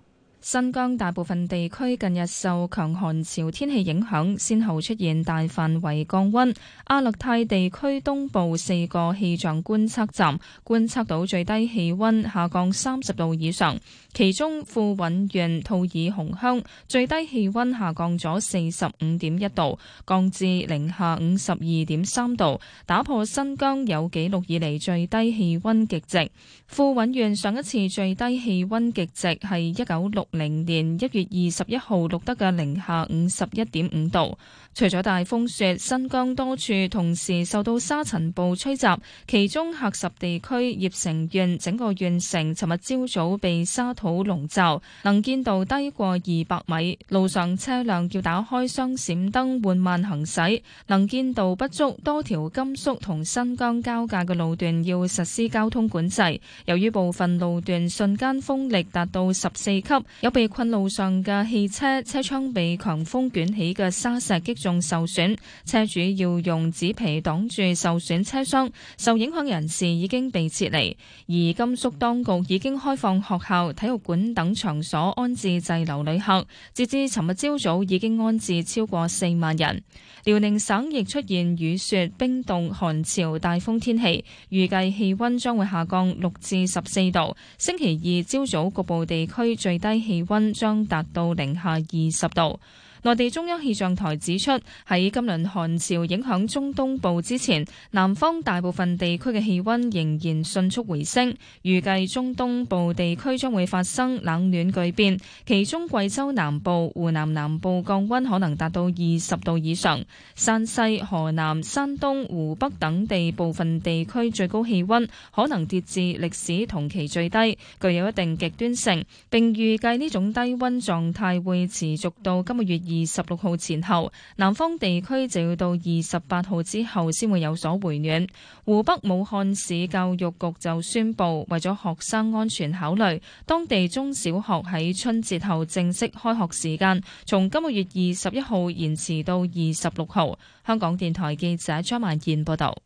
新疆大部分地區近日受強寒潮天氣影響，先後出現大範圍降溫。阿勒泰地區東部四個氣象觀測站觀測到最低氣溫下降三十度以上。其中富蘊縣吐爾洪鄉最低氣溫下降咗四十五點一度，降至零下五十二點三度，打破新疆有紀錄以嚟最低氣溫極值。富蘊縣上一次最低氣溫極值係一九六零年一月二十一號錄得嘅零下五十一點五度。除咗大風雪，新疆多處同時受到沙塵暴吹襲，其中喀什地區葉城縣整個縣城尋日朝早被沙土籠罩，能見度低過二百米，路上車輛要打開雙閃燈，緩慢行駛。能見度不足，多條甘肅同新疆交界嘅路段要實施交通管制。由於部分路段瞬間風力達到十四級，有被困路上嘅汽車車窗被強風捲起嘅沙石擊重受損，車主要用紙皮擋住受損車廂。受影響人士已經被撤離，而甘肅當局已經開放學校、體育館等場所安置滯留旅客。截至尋日朝早，已經安置超過四萬人。遼寧省亦出現雨雪冰凍寒潮大風天氣，預計氣温將會下降六至十四度。星期二朝早局部地區最低氣温將達到零下二十度。內地中央氣象台指出，喺今輪寒潮影響中東部之前，南方大部分地區嘅氣温仍然迅速回升。預計中東部地區將會發生冷暖巨變，其中貴州南部、湖南南部降温可能達到二十度以上。山西、河南、山東、湖北等地部分地區最高氣温可能跌至歷史同期最低，具有一定極端性，並預計呢種低温狀態會持續到今個月。二十六號前後，南方地區就要到二十八號之後先會有所回暖。湖北武漢市教育局就宣布，為咗學生安全考慮，當地中小學喺春節後正式開學時間，從今個月二十一號延遲到二十六號。香港電台記者張曼燕報道。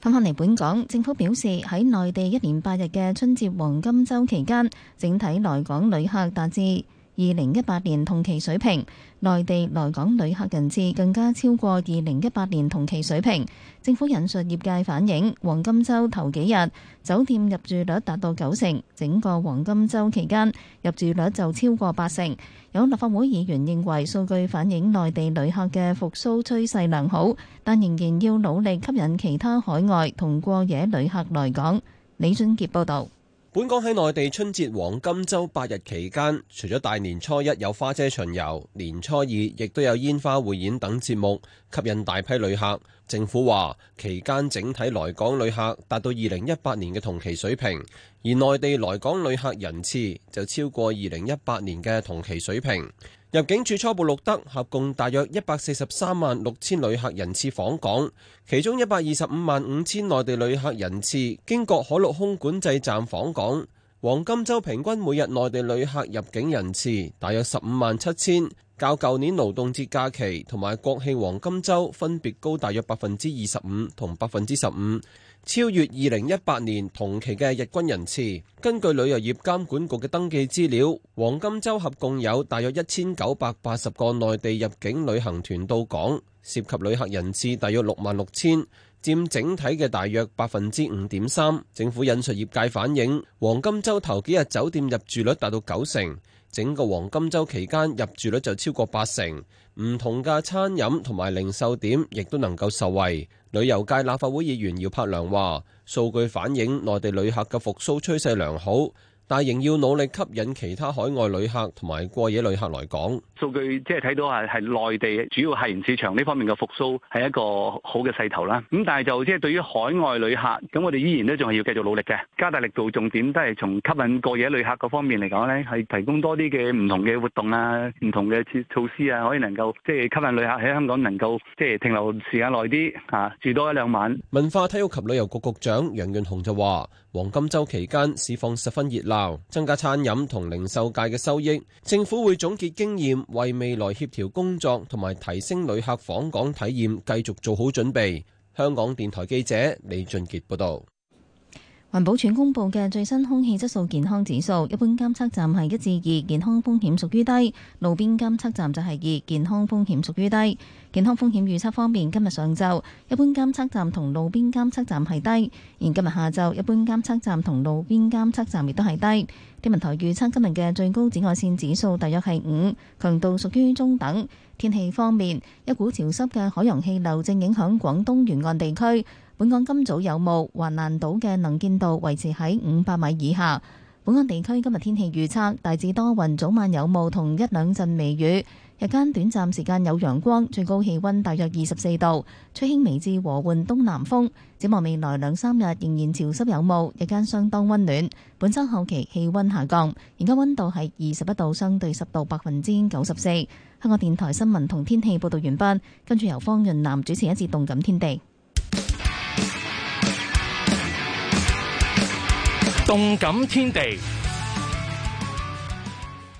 翻返嚟本港，政府表示喺內地一年八日嘅春節黃金周期間，整體來港旅客達至。二零一八年同期水平，內地來港旅客人次更加超過二零一八年同期水平。政府引述業界反映，黃金週頭幾日酒店入住率達到九成，整個黃金週期間入住率就超過八成。有立法會議員認為數據反映內地旅客嘅復甦趨勢良好，但仍然要努力吸引其他海外同過夜旅客來港。李俊傑報導。本港喺內地春節黃金週八日期間，除咗大年初一有花車巡遊，年初二亦都有煙花匯演等節目，吸引大批旅客。政府話，期間整體來港旅客達到二零一八年嘅同期水平，而內地來港旅客人次就超過二零一八年嘅同期水平。入境處初步錄得合共大約一百四十三萬六千旅客人次訪港，其中一百二十五萬五千內地旅客人次經過海陸空管制站訪港。黃金週平均每日內地旅客入境人次大約十五萬七千，較舊年勞動節假期同埋國慶黃金週分別高大約百分之二十五同百分之十五。超越二零一八年同期嘅日均人次。根據旅遊業監管局嘅登記資料，黃金週合共有大約一千九百八十個內地入境旅行團到港，涉及旅客人次大約六萬六千，佔整體嘅大約百分之五點三。政府引述業界反映，黃金週頭幾日酒店入住率達到九成。整個黃金週期間入住率就超過八成，唔同嘅餐飲同埋零售點亦都能夠受惠。旅遊界立法會議員姚柏良話，數據反映內地旅客嘅復甦趨勢良好。但係仍要努力吸引其他海外旅客同埋過夜旅客來港。數據即係睇到係係內地主要客源市場呢方面嘅復甦係一個好嘅勢頭啦。咁但係就即係對於海外旅客，咁我哋依然都仲係要繼續努力嘅，加大力度，重點都係從吸引過夜旅客嗰方面嚟講咧，係提供多啲嘅唔同嘅活動啊，唔同嘅措措施啊，可以能夠即係吸引旅客喺香港能夠即係停留時間耐啲吓，住多一兩晚。文化體育及旅遊局局局長楊潤雄就話。黃金週期間市況十分熱鬧，增加餐飲同零售界嘅收益。政府會總結經驗，為未來協調工作同埋提升旅客訪港體驗繼續做好準備。香港電台記者李俊傑報道。環保署公布嘅最新空氣質素健康指數，一般監測站係一至二，健康風險屬於低；路邊監測站就係二，健康風險屬於低。健康風險預測方面，今日上晝一般監測站同路邊監測站係低，而今日下晝一般監測站同路邊監測站亦都係低。天文台預測今日嘅最高紫外線指數大約係五，強度屬於中等。天氣方面，一股潮濕嘅海洋氣流正影響廣東沿岸地區。本港今早有霧，橫瀾島嘅能見度維持喺五百米以下。本港地區今日天氣預測，大致多雲，早晚有霧同一兩陣微雨，日間短暫時間有陽光，最高氣溫大約二十四度，吹輕微至和緩東南風。展望未來兩三日仍然潮濕有霧，日間相當溫暖。本周後期氣溫下降，而家溫度係二十一度，相對濕度百分之九十四。香港電台新聞同天氣報道完畢，跟住由方潤南主持一節《動感天地》。動感天地，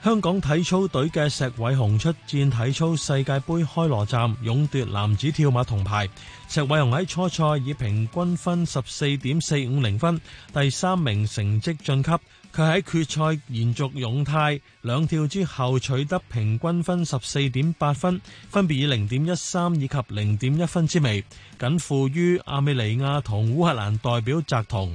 香港體操隊嘅石偉雄出戰體操世界盃開羅站，勇奪男子跳馬銅牌。石偉雄喺初賽以平均分十四點四五零分第三名成績晉級，佢喺決賽延續勇態，兩跳之後取得平均分十四點八分，分別以零點一三以及零點一分之微，僅負於亞美尼亞同烏克蘭代表摘銅。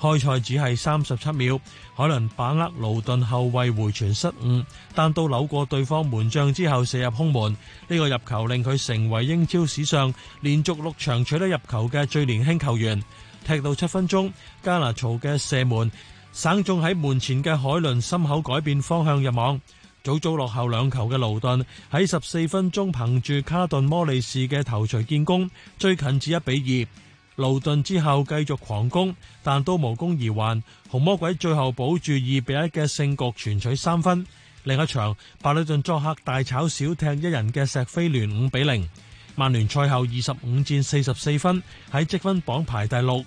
開賽只係三十七秒，海倫把握勞頓後衛回傳失誤，但到扭過對方門將之後射入空門，呢、這個入球令佢成為英超史上連續六場取得入球嘅最年輕球員。踢到七分鐘，加拿曹嘅射門，省中喺門前嘅海倫心口改變方向入網。早早落後兩球嘅勞頓喺十四分鐘憑住卡頓摩利士嘅頭槌建功，追近至一比二。勞頓之後繼續狂攻，但都無功而還。紅魔鬼最後保住二比一嘅勝局，全取三分。另一場，巴里頓作客大炒小踢，一人嘅石飛聯五比零。曼聯賽後25戰十四分，喺積分榜排第六，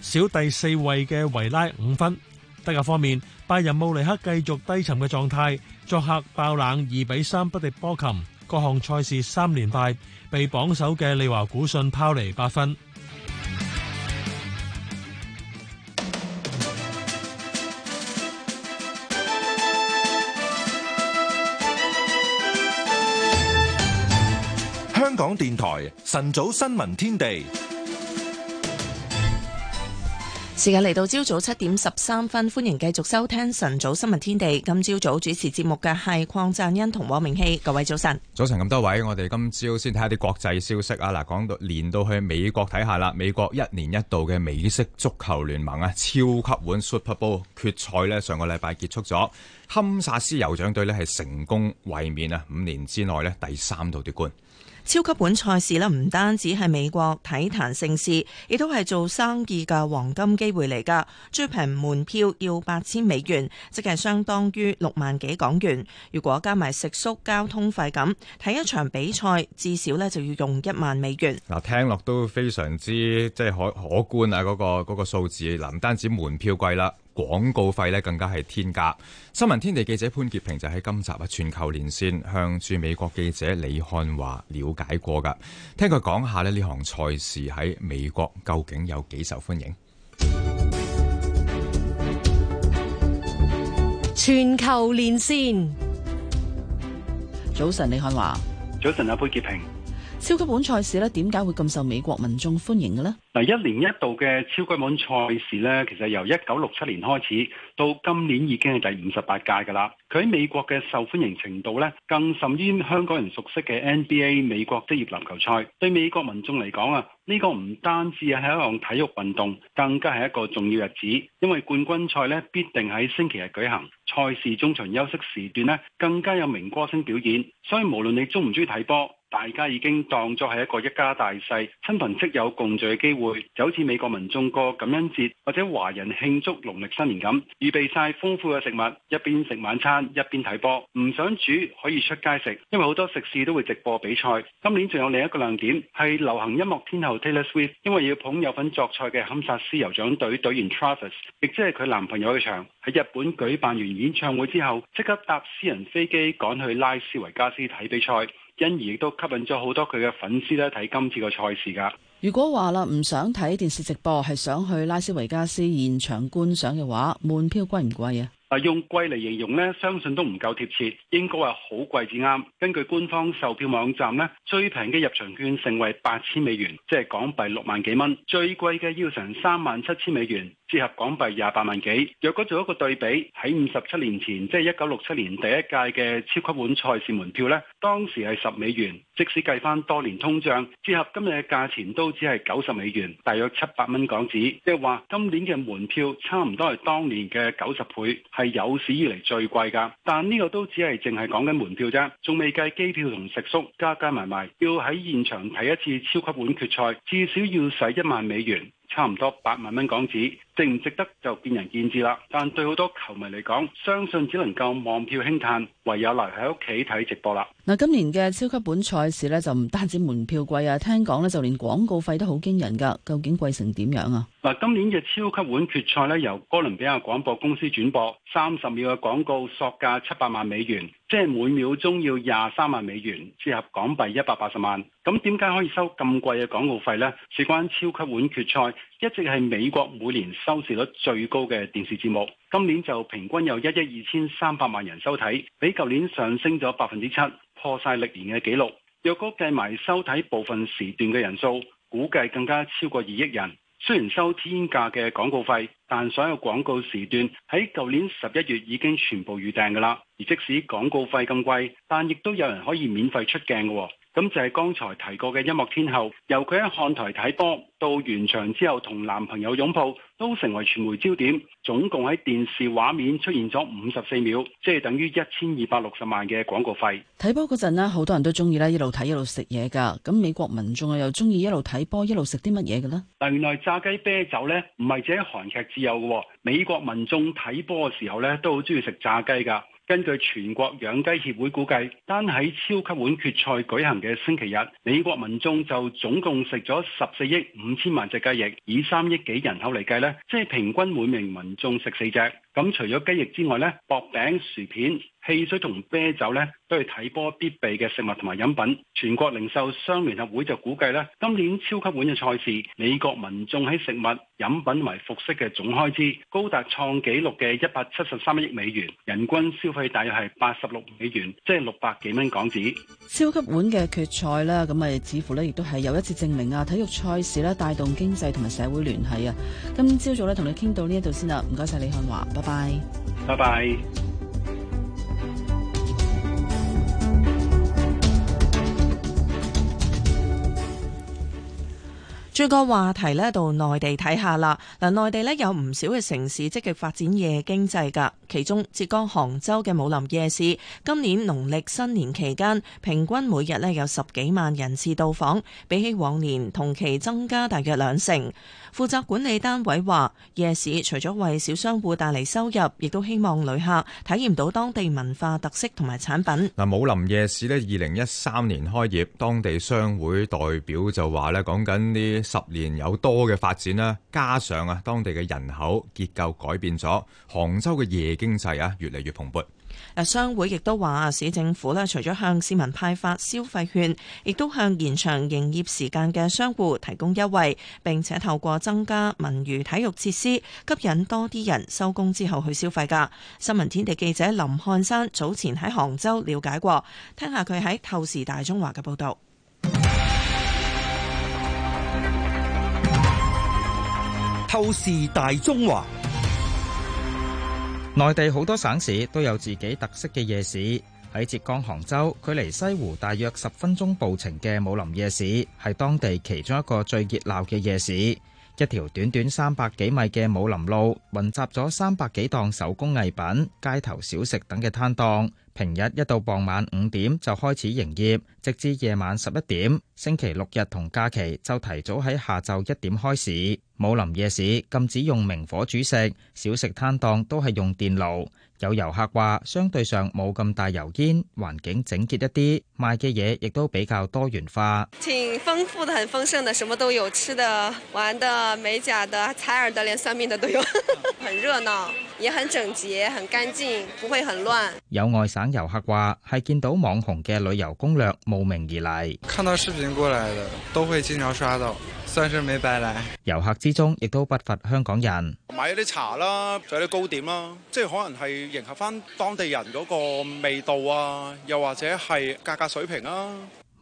小第四位嘅維拉五分。德甲方面，拜仁慕尼黑繼續低沉嘅狀態，作客爆冷二比三不敵波琴，各項賽事三連敗，被榜首嘅利華古信拋離八分。香港電台晨早新聞天地時間嚟到，朝早七點十三分，歡迎繼續收聽晨早新聞天地。今朝早主持節目嘅係鄺贊恩同黃明熙。各位早晨。早晨咁多位，我哋今朝先睇下啲國際消息啊。嗱，講到連到去美國睇下啦。美國一年一度嘅美式足球聯盟啊，超級碗 Super Bowl 決賽呢，上個禮拜結束咗，堪薩斯酋長隊呢係成功衛冕啊，五年之內呢，第三度奪冠。超級本賽事咧唔單止係美國體壇盛事，亦都係做生意嘅黃金機會嚟噶。最平門票要八千美元，即係相當於六萬幾港元。如果加埋食宿、交通費咁，睇一場比賽至少咧就要用一萬美元。嗱，聽落都非常之即係可可觀啊！嗰個嗰個數字嗱，唔單止門票貴啦。廣告費咧更加係天價。新聞天地記者潘潔平就喺今集嘅全球連線向駐美國記者李漢華了解過噶，聽佢講下咧呢項賽事喺美國究竟有幾受歡迎？全球連線，早晨，李漢華，早晨阿潘潔平。超級碗賽事咧點解會咁受美國民眾歡迎嘅呢？嗱，一年一度嘅超級碗賽事咧，其實由一九六七年開始到今年已經係第五十八屆㗎啦。佢喺美國嘅受歡迎程度咧，更甚於香港人熟悉嘅 NBA 美國職業籃球賽。對美國民眾嚟講啊，呢個唔單止係一項體育運動，更加係一個重要日子，因為冠軍賽咧必定喺星期日舉行。賽事中場休息時段咧，更加有名歌星表演。所以無論你中唔中意睇波，大家已經當作係一個一家大細親朋戚友共聚嘅機會，就好似美國民眾過感恩節或者華人慶祝農曆新年咁，預備晒豐富嘅食物，一邊食晚餐一邊睇波。唔想煮可以出街食，因為好多食肆都會直播比賽。今年仲有另一個亮點係流行音樂天后 Taylor Swift，因為要捧有份作賽嘅堪薩斯酋長隊隊員 Travis，亦即係佢男朋友嘅場喺日本舉辦完演唱會之後，即刻搭私人飛機趕去拉斯維加斯睇比賽。因而亦都吸引咗好多佢嘅粉絲咧睇今次嘅賽事噶。如果話啦，唔想睇電視直播，係想去拉斯維加斯現場觀賞嘅話，門票貴唔貴啊？啊，用貴嚟形容咧，相信都唔夠貼切，應該係好貴至啱。根據官方售票網站咧，最平嘅入場券盛惠八千美元，即係港幣六萬幾蚊；最貴嘅要成三萬七千美元。折合港幣廿八萬幾。若果做一個對比，喺五十七年前，即係一九六七年第一屆嘅超級碗賽事門票呢，當時係十美元，即使計翻多年通脹，折合今日嘅價錢都只係九十美元，大約七百蚊港紙。即係話今年嘅門票差唔多係當年嘅九十倍，係有史以嚟最貴㗎。但呢個都只係淨係講緊門票啫，仲未計機票同食宿加加埋埋。要喺現場睇一次超級碗決賽，至少要使一萬美元，差唔多八萬蚊港紙。值唔值得就見仁見智啦，但對好多球迷嚟講，相信只能夠望票輕嘆，唯有留喺屋企睇直播啦。嗱，今年嘅超級碗賽事咧就唔單止門票貴啊，聽講咧就連廣告費都好驚人㗎。究竟貴成點樣啊？嗱，今年嘅超級碗決賽咧由哥倫比亞廣播公司轉播，三十秒嘅廣告索價七百萬美元，即係每秒鐘要廿三萬美元，折合港幣一百八十萬。咁點解可以收咁貴嘅廣告費呢？事關超級碗決賽。一直係美國每年收視率最高嘅電視節目，今年就平均有一億二千三百萬人收睇，比舊年上升咗百分之七，破晒歷年嘅紀錄。若果計埋收睇部分時段嘅人數，估計更加超過二億人。雖然收天價嘅廣告費，但所有廣告時段喺舊年十一月已經全部預訂噶啦。而即使廣告費咁貴，但亦都有人可以免費出鏡嘅。咁就係剛才提過嘅音樂天后，由佢喺看台睇波到完場之後同男朋友擁抱，都成為傳媒焦點，總共喺電視畫面出現咗五十四秒，即係等於一千二百六十萬嘅廣告費。睇波嗰陣咧，好多人都中意咧一路睇一路食嘢㗎。咁美國民眾啊，又中意一路睇波一路食啲乜嘢嘅呢？原來炸雞啤酒呢，唔係只喺韓劇至有嘅喎。美國民眾睇波嘅時候呢，都好中意食炸雞㗎。根據全國養雞協會估計，單喺超級碗決賽舉行嘅星期日，美國民眾就總共食咗十四億五千萬隻雞翼，以三億幾人口嚟計呢，即係平均每名民眾食四隻。咁除咗雞翼之外呢，薄餅、薯片、汽水同啤酒呢，都係睇波必備嘅食物同埋飲品。全國零售商聯合會就估計咧，今年超級碗嘅賽事，美國民眾喺食物、飲品同服飾嘅總開支高達創紀錄嘅一百七十三億美元，人均消費大約係八十六美元，即係六百幾蚊港紙。超級碗嘅決賽咧，咁咪似乎呢亦都係有一次證明啊！體育賽事咧帶動經濟同埋社會聯繫啊！今朝早呢，同你傾到呢一度先啦，唔該晒，李漢華。拜拜。拜拜拜拜。轉 Bye 個話題咧，到內地睇下啦。嗱，內地咧有唔少嘅城市積極發展夜經濟㗎。其中，浙江杭州嘅武林夜市今年農曆新年期間，平均每日咧有十幾萬人次到訪，比起往年同期增加大約兩成。負責管理單位話，夜市除咗為小商戶帶嚟收入，亦都希望旅客體驗到當地文化特色同埋產品。嗱，武林夜市呢，二零一三年開業，當地商會代表就話咧，講緊呢十年有多嘅發展啦，加上啊，當地嘅人口結構改變咗，杭州嘅夜經濟啊，越嚟越蓬勃。商會亦都話，市政府咧，除咗向市民派發消費券，亦都向延長營業時間嘅商戶提供優惠，並且透過增加文娛體育設施，吸引多啲人收工之後去消費噶。新聞天地記者林漢山早前喺杭州了解過，聽下佢喺透視大中華嘅報道。透視大中華。內地好多省市都有自己特色嘅夜市。喺浙江杭州，距離西湖大約十分鐘步程嘅武林夜市，係當地其中一個最熱鬧嘅夜市。一條短短三百幾米嘅武林路，混集咗三百幾檔手工藝品、街頭小食等嘅攤檔。平日一到傍晚五點就開始營業，直至夜晚十一點。星期六日同假期就提早喺下晝一點開始。武林夜市禁止用明火煮食，小食攤檔都係用電爐。有遊客話，相對上冇咁大油煙，環境整潔一啲，賣嘅嘢亦都比較多元化，挺豐富的，很豐盛的，什麼都有，吃的、玩的、美甲的、採耳的，連算命的都有， [LAUGHS] 很熱鬧，也很整潔，很乾淨，不會很亂。有外省遊客話，係見到網紅嘅旅遊攻略，慕名而嚟，看到視頻過來的都會經常刷到。相信美幣咧，遊客之中亦都不乏香港人。買啲茶啦，仲有啲糕點啦，即係可能係迎合翻當地人嗰個味道啊，又或者係價格水平啊。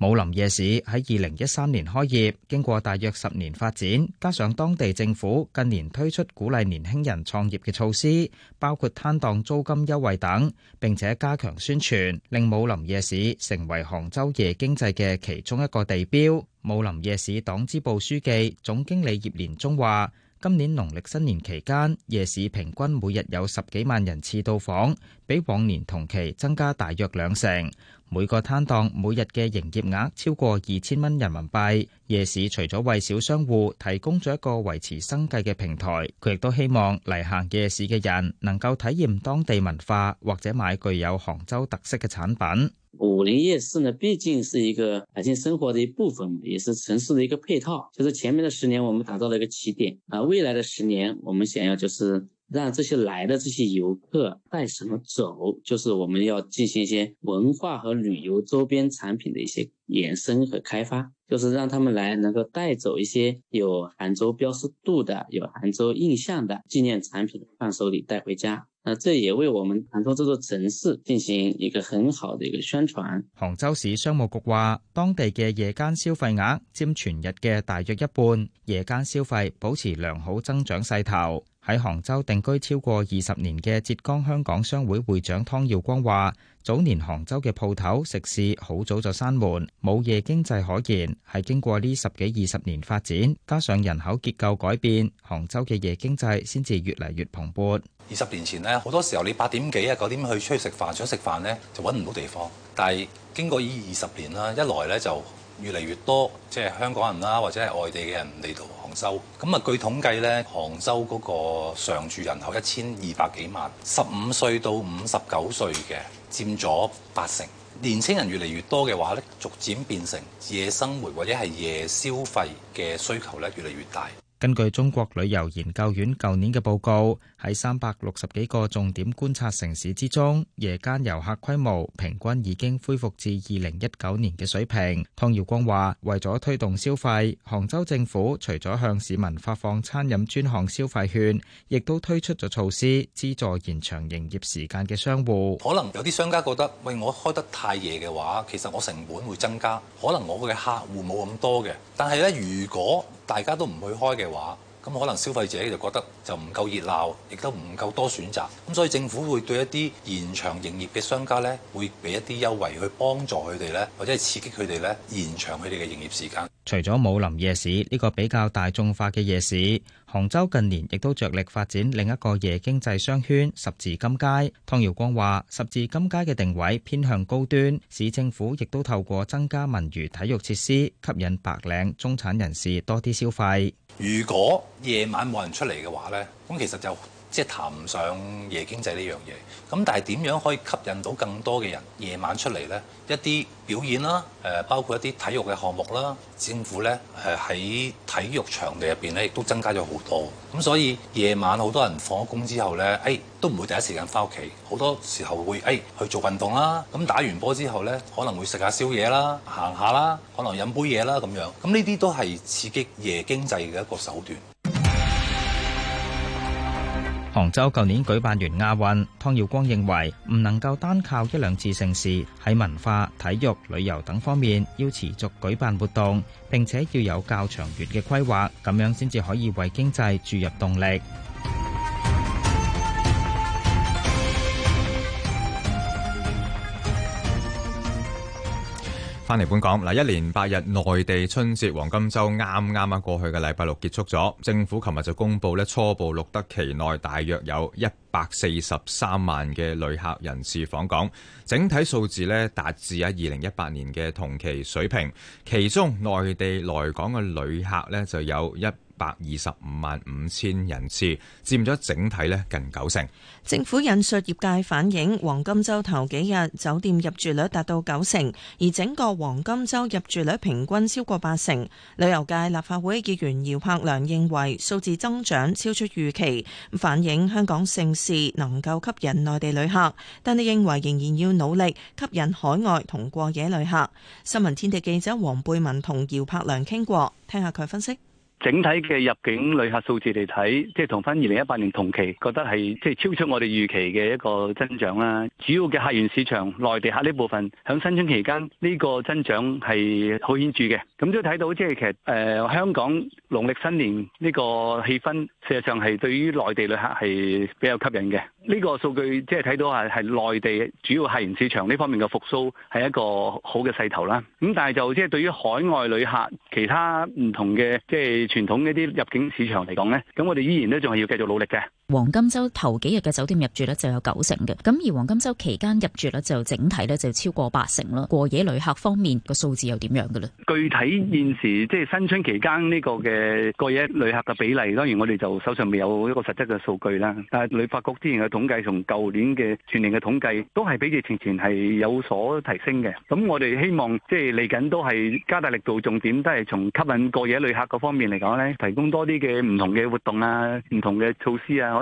武林夜市喺二零一三年開業，經過大約十年發展，加上當地政府近年推出鼓勵年輕人創業嘅措施，包括攤檔租金優惠等，並且加強宣傳，令武林夜市成為杭州夜經濟嘅其中一個地標。武林夜市黨支部書記、總經理葉連中話。今年農曆新年期間，夜市平均每日有十幾萬人次到訪，比往年同期增加大約兩成。每個攤檔每日嘅營業額超過二千蚊人民幣。夜市除咗為小商戶提供咗一個維持生計嘅平台，佢亦都希望嚟行夜市嘅人能夠體驗當地文化或者買具有杭州特色嘅產品。武林夜市呢，畢竟是一個百姓生活的一部分，也是城市的一個配套。就是前面的十年，我們打造了一個起點，啊，未來的十年，我們想要就是。讓這些來的這些遊客帶什麼走，就是我們要進行一些文化和旅遊周邊產品的一些延伸和開發，就是讓他們來能夠帶走一些有杭州標識度的、有杭州印象的紀念產品伴手禮帶回家。那這也為我們杭州這座城市進行一個很好的一個宣傳。杭州市商務局話，當地嘅夜間消費額佔全日嘅大約一半，夜間消費保持良好增長勢頭。喺杭州定居超過二十年嘅浙江香港商會會長湯耀光話，早年杭州嘅鋪頭食肆好早就閂門，冇夜經濟可言。係經過呢十幾二十年發展，加上人口結構改變，杭州嘅夜經濟先至越嚟越蓬勃。二十年前咧，好多時候你八點幾啊九點去出去食飯，想食飯咧就揾唔到地方。但係經過呢二十年啦，一來咧就。越嚟越多即係香港人啦，或者係外地嘅人嚟到杭州。咁啊，據統計呢，杭州嗰個常住人口一千二百幾萬，十五歲到五十九歲嘅佔咗八成。年青人越嚟越多嘅話呢，逐漸變成夜生活或者係夜消費嘅需求咧，越嚟越大。根據中國旅遊研究院舊年嘅報告，喺三百六十幾個重點觀察城市之中，夜間遊客規模平均已經恢復至二零一九年嘅水平。湯耀光話：為咗推動消費，杭州政府除咗向市民發放餐飲專項消費券，亦都推出咗措施，資助延長營業時間嘅商戶。可能有啲商家覺得，喂，我開得太夜嘅話，其實我成本會增加，可能我嘅客戶冇咁多嘅。但係咧，如果大家都唔去開嘅話，咁可能消費者就覺得就唔夠熱鬧，亦都唔夠多選擇。咁所以政府會對一啲延長營業嘅商家呢，會俾一啲優惠去幫助佢哋呢，或者係刺激佢哋呢，延長佢哋嘅營業時間。除咗武林夜市呢個比較大眾化嘅夜市，杭州近年亦都着力發展另一個夜經濟商圈十字金街。湯耀光話十字金街嘅定位偏向高端，市政府亦都透過增加文娛體育設施，吸引白領中產人士多啲消費。如果夜晚冇人出嚟嘅話，咧，咁其實就即係談唔上夜經濟呢樣嘢，咁但係點樣可以吸引到更多嘅人夜晚出嚟呢？一啲表演啦，誒、呃、包括一啲體育嘅項目啦，政府呢誒喺、呃、體育場地入邊呢亦都增加咗好多。咁所以夜晚好多人放咗工之後呢，誒、哎、都唔會第一時間翻屋企，好多時候會誒、哎、去做運動啦。咁打完波之後呢，可能會食下宵夜啦，行下啦，可能飲杯嘢啦咁樣。咁呢啲都係刺激夜經濟嘅一個手段。杭州舊年舉辦完亞運，湯耀光認為唔能夠單靠一兩次盛事，喺文化、體育、旅遊等方面要持續舉辦活動，並且要有較長遠嘅規劃，咁樣先至可以為經濟注入動力。翻嚟本港，嗱，一連八日內地春節黃金周啱啱啊過去嘅禮拜六結束咗，政府琴日就公布咧，初步錄得期內大約有一百四十三萬嘅旅客人次訪港，整體數字咧達至喺二零一八年嘅同期水平，其中內地來港嘅旅客咧就有一。百二十五萬五千人次，佔咗整體咧近九成。政府引述業界反映，黃金周頭幾日酒店入住率達到九成，而整個黃金周入住率平均超過八成。旅遊界立法會議員姚柏良認為數字增長超出預期，反映香港盛事能夠吸引內地旅客，但佢認為仍然要努力吸引海外同過夜旅客。新聞天地記者黃貝文同姚柏良傾過，聽下佢分析。整體嘅入境旅客數字嚟睇，即係同翻二零一八年同期，覺得係即係超出我哋預期嘅一個增長啦。主要嘅客源市場內地客呢部分，響新春期間呢個增長係好顯著嘅。咁都睇到即係其實誒、呃、香港農曆新年呢個氣氛，事實上係對於內地旅客係比較吸引嘅。呢個數據即係睇到係係內地主要客源市場呢方面嘅復甦係一個好嘅勢頭啦。咁但係就即係對於海外旅客、其他唔同嘅即係傳統一啲入境市場嚟講咧，咁我哋依然都仲係要繼續努力嘅。黃金周頭幾日嘅酒店入住率就有九成嘅，咁而黃金周期間入住率就整體咧就超過八成咯。過夜旅客方面個數字又點樣嘅咧？具體現時即係、就是、新春期間呢個嘅過夜旅客嘅比例，當然我哋就手上未有一個實質嘅數據啦。但係旅發局之前嘅統計，從舊年嘅全年嘅統計都係比疫情前年係有所提升嘅。咁我哋希望即係嚟緊都係加大力度，重點都係從吸引過夜旅客嗰方面嚟講咧，提供多啲嘅唔同嘅活動啊，唔同嘅措施啊。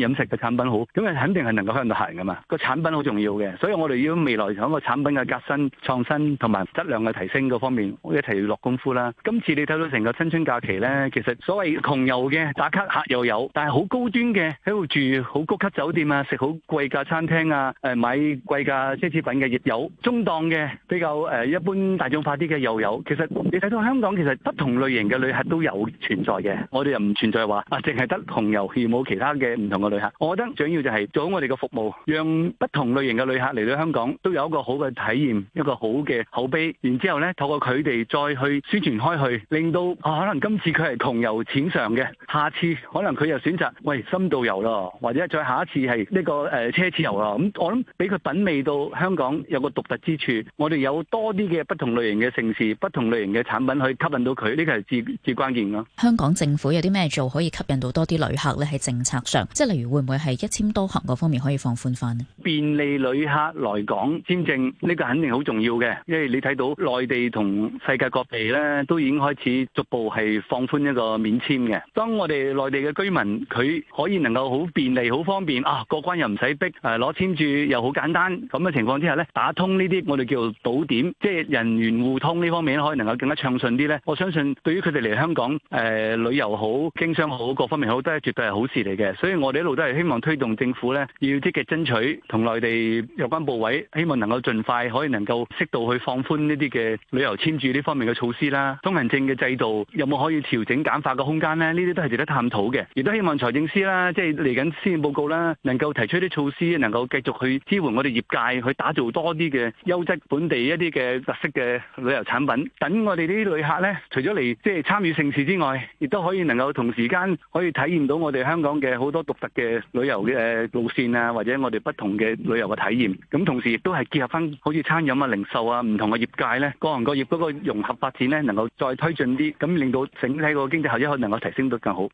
飲食嘅產品好，咁啊肯定係能夠向到客嘅嘛。個產品好重要嘅，所以我哋要未來喺個產品嘅革新、創新同埋質量嘅提升嗰方面，我一齊落功夫啦。今次你睇到成個新春假期咧，其實所謂窮遊嘅打卡客又有，但係好高端嘅喺度住好高級酒店啊，食好貴價餐廳啊，誒買貴價奢侈品嘅亦有，中檔嘅比較誒一般大眾化啲嘅又有。其實你睇到香港其實不同類型嘅旅客都有存在嘅，我哋又唔存在話啊，淨係得窮遊而冇其他嘅唔同嘅旅客，我覺得主要就係做好我哋嘅服務，讓不同類型嘅旅客嚟到香港都有一個好嘅體驗，一個好嘅口碑。然之後呢，透過佢哋再去宣傳開去，令到可能今次佢係窮遊淺上嘅，下次可能佢又選擇喂深度遊咯，或者再下一次係呢個誒奢侈遊咯。咁我諗俾佢品味到香港有個獨特之處，我哋有多啲嘅不同類型嘅城市、不同類型嘅產品去吸引到佢，呢個係至至關鍵咯。香港政府有啲咩做可以吸引到多啲旅客呢？喺政策上，即係會唔會係一簽多行嗰方面可以放寬翻咧？便利旅客來港簽證呢、呢個肯定好重要嘅，因為你睇到內地同世界各地咧都已經開始逐步係放寬一個免簽嘅。當我哋內地嘅居民佢可以能夠好便利、好方便啊，過關又唔使逼，誒、啊，攞簽注又好簡單，咁嘅情況之下咧，打通呢啲我哋叫做堵點，即係人員互通呢方面可以能夠更加暢順啲咧。我相信對於佢哋嚟香港誒、呃、旅遊好、經商好，各方面好都係絕對係好事嚟嘅。所以我哋。都係希望推動政府咧，要積極爭取同內地有關部委，希望能夠盡快可以能夠適度去放寬呢啲嘅旅遊簽注呢方面嘅措施啦，通行證嘅制度有冇可以調整簡化嘅空間呢？呢啲都係值得探討嘅，亦都希望財政司啦，即係嚟緊施政報告啦，能夠提出啲措施，能夠繼續去支援我哋業界，去打造多啲嘅優質本地一啲嘅特色嘅旅遊產品，等我哋啲旅客咧，除咗嚟即係參與盛事之外，亦都可以能夠同時間可以體驗到我哋香港嘅好多獨特。嘅旅遊嘅路線啊，或者我哋不同嘅旅遊嘅體驗，咁同時亦都係結合翻好似餐飲啊、零售啊唔同嘅業界咧，各行各業嗰個融合發展咧，能夠再推進啲，咁令到整體個經濟效益可以能夠提升得更好。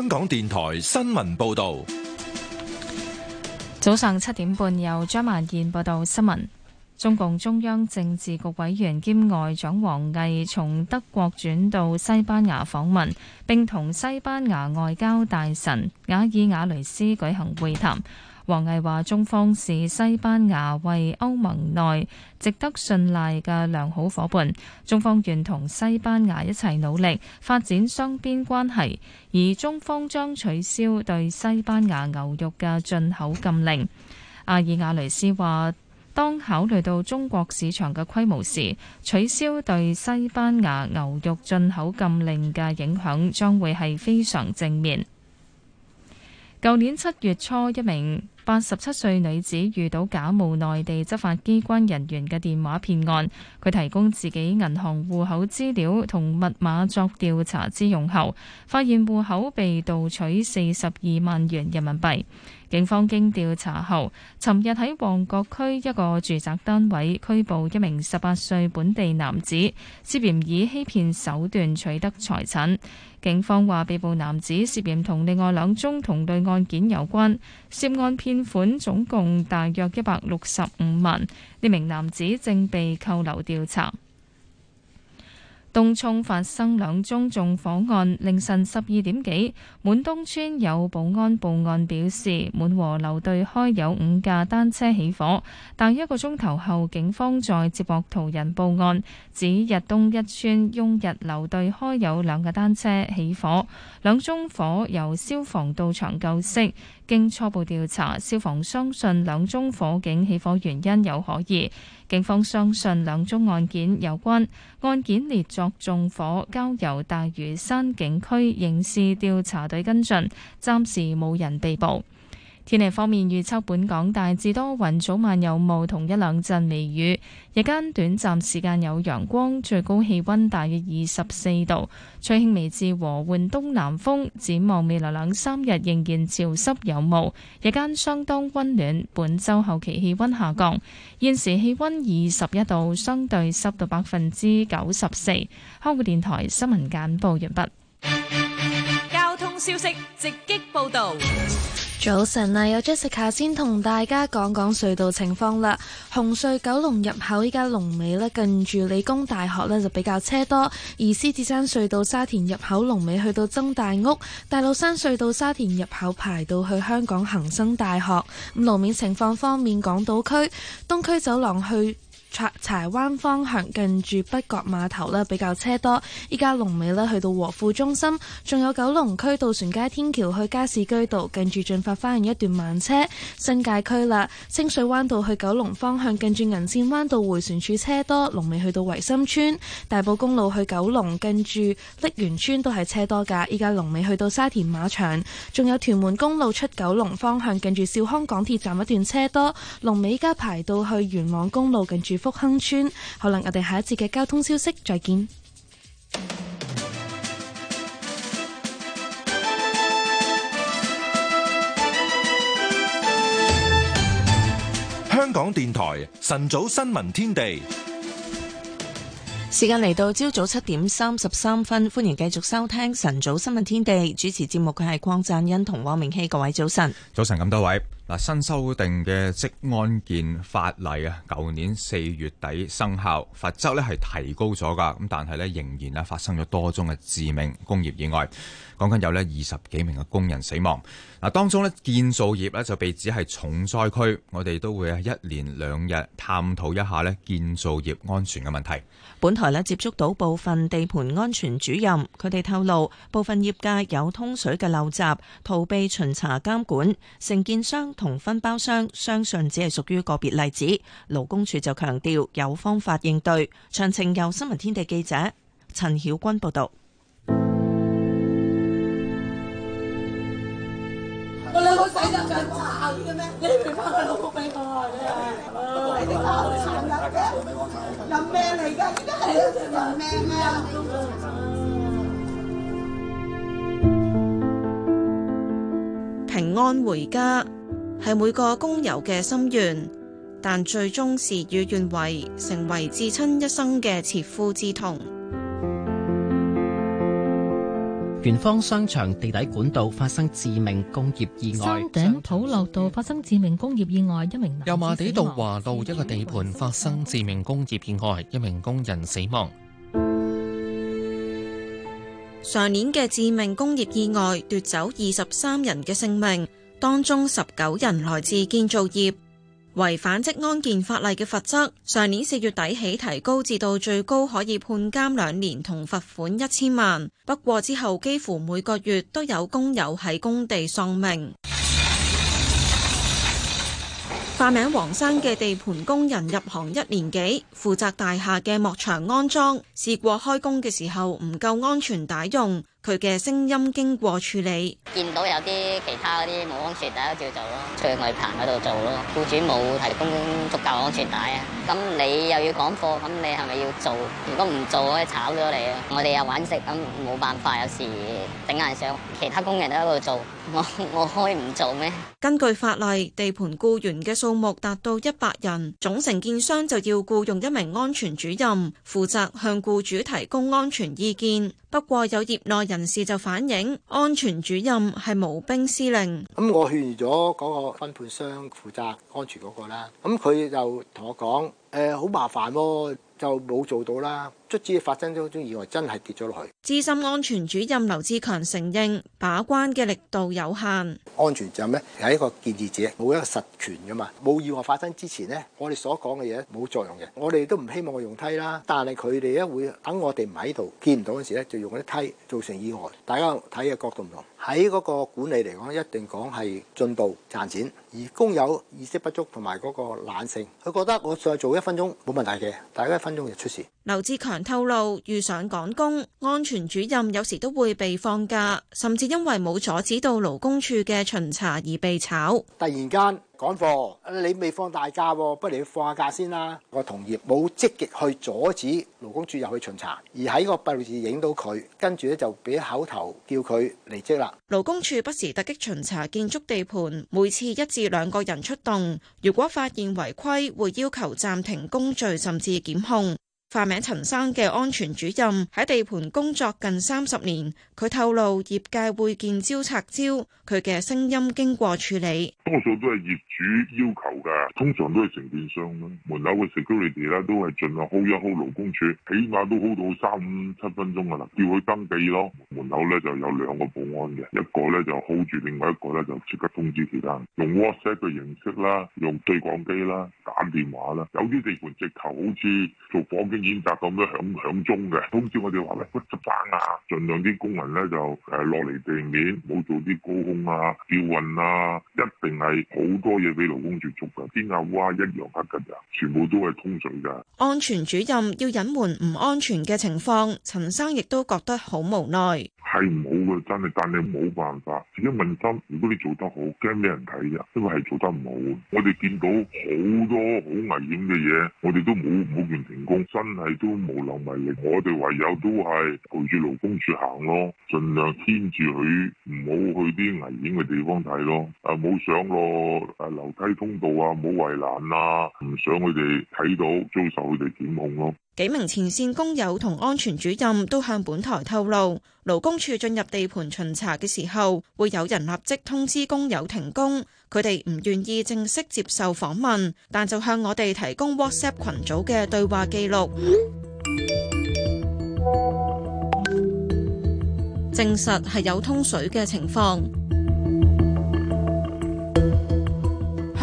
香港電台新聞報道，早上七點半由張萬燕報道新聞。中共中央政治局委員兼外長王毅從德國轉到西班牙訪問，並同西班牙外交大臣雅爾瓦雷斯舉行會談。王毅話：中方視西班牙為歐盟內值得信賴嘅良好夥伴，中方願同西班牙一齊努力發展雙邊關係，而中方將取消對西班牙牛肉嘅進口禁令。阿爾瓦雷斯話：當考慮到中國市場嘅規模時，取消對西班牙牛肉進口禁令嘅影響將會係非常正面。舊年七月初，一名八十七歲女子遇到假冒內地執法機關人員嘅電話騙案，佢提供自己銀行戶口資料同密碼作調查之用後，發現戶口被盜取四十二萬元人民幣。警方經調查後，尋日喺旺角區一個住宅單位拘捕一名十八歲本地男子，涉嫌以欺騙手段取得財產。警方話，被捕男子涉嫌同另外兩宗同類案件有關，涉案騙款總共大約一百六十五萬。呢名男子正被扣留調查。東涌發生兩宗縱火案，凌晨十二點幾，滿東村有保安報案表示滿和樓對開有五架單車起火，但一個鐘頭後警方再接獲途人報案，指逸東一村雍逸樓對開有兩架單車起火，兩宗火由消防到場救熄，經初步調查，消防相信兩宗火警起火原因有可疑。警方相信兩宗案件有關，案件列作縱火，交由大嶼山警區刑事調查隊跟進，暫時冇人被捕。天氣方面預測，本港大致多雲，早晚有霧同一兩陣微雨，日間短暫時間有陽光，最高氣温大約二十四度，吹輕微至和緩東南風。展望未來兩三日仍然潮濕有霧，日間相當温暖。本周後期氣温下降。現時氣温二十一度，相對濕度百分之九十四。香港電台新聞簡報完畢。交通消息直擊報道。早晨啊，有 Jessica 先同大家講講隧道情況啦。紅隧九龍入口依家龍尾咧，近住理工大學咧就比較車多，而獅子山隧道沙田入口龍尾去到曾大屋，大老山隧道沙田入口排到去香港恒生大學。路面情況方面，港島區東區走廊去。柴灣方向近住北角碼頭呢比較車多。依家龍尾呢去到和富中心，仲有九龍區渡船街天橋去加士居道，近住進發花園一段慢車。新界區啦，清水灣道去九龍方向近住銀線灣道回旋處車多，龍尾去到維新村。大埔公路去九龍近住瀝源村都係車多噶。依家龍尾去到沙田馬場，仲有屯門公路出九龍方向近住兆康港鐵站一段車多，龍尾依家排到去元朗公路近住福亨村，好啦，我哋下一節嘅交通消息再見。香港電台晨早新聞天地，時間嚟到朝早七點三十三分，歡迎繼續收聽晨早新聞天地，主持節目佢係鄺贊恩同黃明希，各位早晨，早晨咁多位。嗱，新修訂嘅職安健法例啊，舊年四月底生效，罰則呢係提高咗㗎，咁但係呢，仍然啊發生咗多宗嘅致命工業意外，講緊有呢二十幾名嘅工人死亡。嗱，當中咧建造業咧就被指係重災區，我哋都會一連兩日探討一下咧建造業安全嘅問題。本台咧接觸到部分地盤安全主任，佢哋透露部分業界有通水嘅陋習，逃避巡查監管，承建商同分包商相信只係屬於個別例子。勞工處就強調有方法應對。詳情由新聞天地記者陳曉君報道。 [MUSIC] 平安回家係每個工友嘅心願，但最終事與願違，成為至親一生嘅切膚之痛。元芳商場地底管道發生致命工業意外。山頂土樓道發生致命工業意外，一名男子死亡。油麻地道華道一個地盤發生致命工業意外，一名工人死亡。上年嘅致命工業意外奪走二十三人嘅性命，當中十九人來自建造業。違反職安健法例嘅罰則，上年四月底起提高至到，最高可以判監兩年同罰款一千萬。不過之後幾乎每個月都有工友喺工地喪命。 [NOISE] 化名黃生嘅地盤工人入行一年幾，負責大廈嘅幕牆安裝，試過開工嘅時候唔夠安全帶用。佢嘅聲音經過處理，見到有啲其他嗰啲冇安全帶都照做咯，出去外棚嗰度做咯。僱主冇提供足夠安全帶啊，咁你又要趕貨，咁你係咪要做？如果唔做，可以炒咗你啊！我哋又揾食，咁冇辦法，有時頂硬上。其他工人都喺度做，我我可以唔做咩？根據法例，地盤僱員嘅數目達到一百人，總承建商就要僱用一名安全主任，負責向僱主提供安全意見。不過有業內人士就反映，安全主任係無兵司令。咁我勸咗嗰個分判商負責安全嗰、那個啦。咁佢就同我講，誒、呃，好麻煩、哦，就冇做到啦。卒之發生呢種意外，真係跌咗落去。資深安全主任劉志強承認，把關嘅力度有限。安全主任咧係一個建議者，冇一個實權噶嘛。冇意外發生之前呢，我哋所講嘅嘢冇作用嘅。我哋都唔希望我用梯啦，但係佢哋咧會等我哋唔喺度，見唔到嗰陣時咧，就用嗰啲梯造成意外。大家睇嘅角度唔同，喺嗰個管理嚟講，一定講係進步賺錢，而工友意識不足同埋嗰個懶性，佢覺得我再做一分鐘冇問題嘅，但係一分鐘就出事。劉志強透露，遇上趕工，安全主任有時都會被放假，甚至因為冇阻止到勞工處嘅巡查而被炒。突然間趕貨，你未放大假，不如放下假先啦。我同業冇積極去阻止勞工處入去巡查，而喺個閉路攝影到佢，跟住咧就俾口頭叫佢離職啦。勞工處不時突擊巡查建築地盤，每次一至兩個人出動，如果發現違規，會要求暫停工序，甚至檢控。化名陳生嘅安全主任喺地盤工作近三十年，佢透露業界會見招拆招。佢嘅聲音經過處理，多數都係業主要求嘅，通常都係承建商啦，門口嘅 security 啦，都係盡量 hold 一 hold 勞工處，起碼都 hold 到三五七分鐘噶啦，叫佢登記咯。門口咧就有兩個保安嘅，一個咧就 hold 住，另外一個咧就即刻通知其他人，用 WhatsApp 嘅形式啦，用對講機啦，打電話啦。有啲地盤直頭好似做火警。演習咁多響響鐘嘅通知，我哋話咧，唔使打牙，盡量啲工人咧就誒落嚟地面，冇做啲高空啊吊運啊，一定係好多嘢俾勞工接觸嘅，啲牛蛙一樣黑嘅，全部都係通水嘅。安全主任要隱瞞唔安全嘅情況，陳生亦都覺得好無奈。係唔好嘅，真係，但你冇辦法，自己問心。如果你做得好，驚俾人睇啊？因為係做得唔好，我哋見到好多好危險嘅嘢，我哋都冇冇完全停工，真係都無能為力，我哋唯有都係陪住勞工處行咯，盡量牽住佢，唔好去啲危險嘅地方睇咯。啊，冇上過啊樓梯通道啊，冇圍欄啊，唔想佢哋睇到，遭受佢哋檢控咯。幾名前線工友同安全主任都向本台透露，勞工處進入地盤巡查嘅時候，會有人立即通知工友停工。佢哋唔願意正式接受訪問，但就向我哋提供 WhatsApp 群組嘅對話記錄，證實係有通水嘅情況。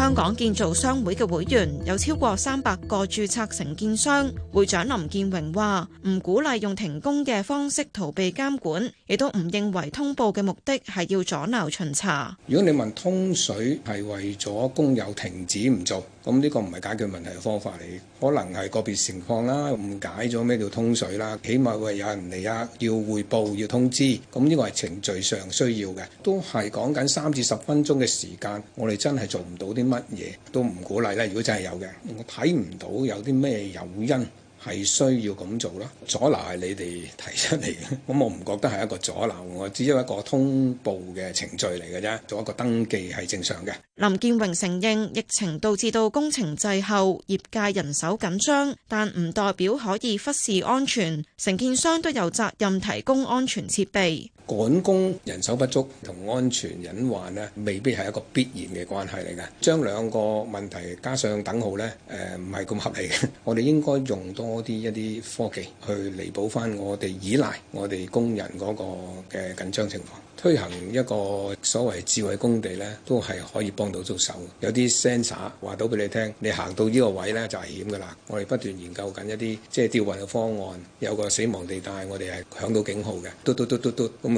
香港建造商會嘅會員有超過三百個註冊承建商，會長林建榮話：唔鼓勵用停工嘅方式逃避監管，亦都唔認為通報嘅目的係要阻撓巡查。如果你問通水係為咗工友停止唔做？咁呢個唔係解決問題嘅方法嚟，可能係個別情況啦，誤解咗咩叫通水啦，起碼會有人嚟啊，要匯報要通知，咁、這、呢個係程序上需要嘅，都係講緊三至十分鐘嘅時間，我哋真係做唔到啲乜嘢，都唔鼓勵啦。如果真係有嘅，我睇唔到有啲咩誘因。係需要咁做啦，阻撓係你哋提出嚟嘅，咁我唔覺得係一個阻撓，我只係一個通報嘅程序嚟嘅啫，做一個登記係正常嘅。林建榮承認疫情導致到工程滯後，業界人手緊張，但唔代表可以忽視安全，承建商都有責任提供安全設備。趕工、人手不足同安全隱患呢，未必係一個必然嘅關係嚟嘅。將兩個問題加上等號呢，誒唔係咁合理嘅。我哋應該用多啲一啲科技去彌補翻我哋依賴我哋工人嗰個嘅緊張情況。推行一個所謂智慧工地呢，都係可以幫到手。有啲 sensor 話到俾你聽，你行到呢個位呢，就危險㗎啦。我哋不斷研究緊一啲即係吊運嘅方案。有個死亡地帶，我哋係響到警號嘅，嘟嘟嘟嘟嘟咁。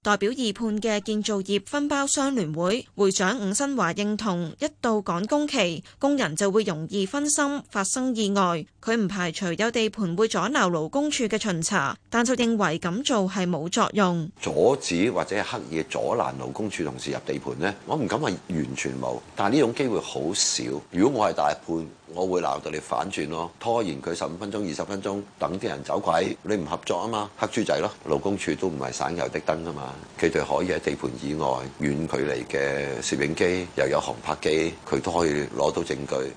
代表二判嘅建造業分包商聯會會長伍新華認同，一到趕工期，工人就會容易分心，發生意外。佢唔排除有地盤會阻撓勞工處嘅巡查，但就認為咁做係冇作用，阻止或者係刻意阻攔勞工處同事入地盤呢？我唔敢話完全冇，但係呢種機會好少。如果我係大判，我會鬧到你反轉咯，拖延佢十五分鐘、二十分鐘，等啲人走鬼。你唔合作啊嘛，黑豬仔咯，勞工處都唔係省油的燈啊嘛。佢哋可以喺地盤以外遠距離嘅攝影機，又有航拍機，佢都可以攞到證據。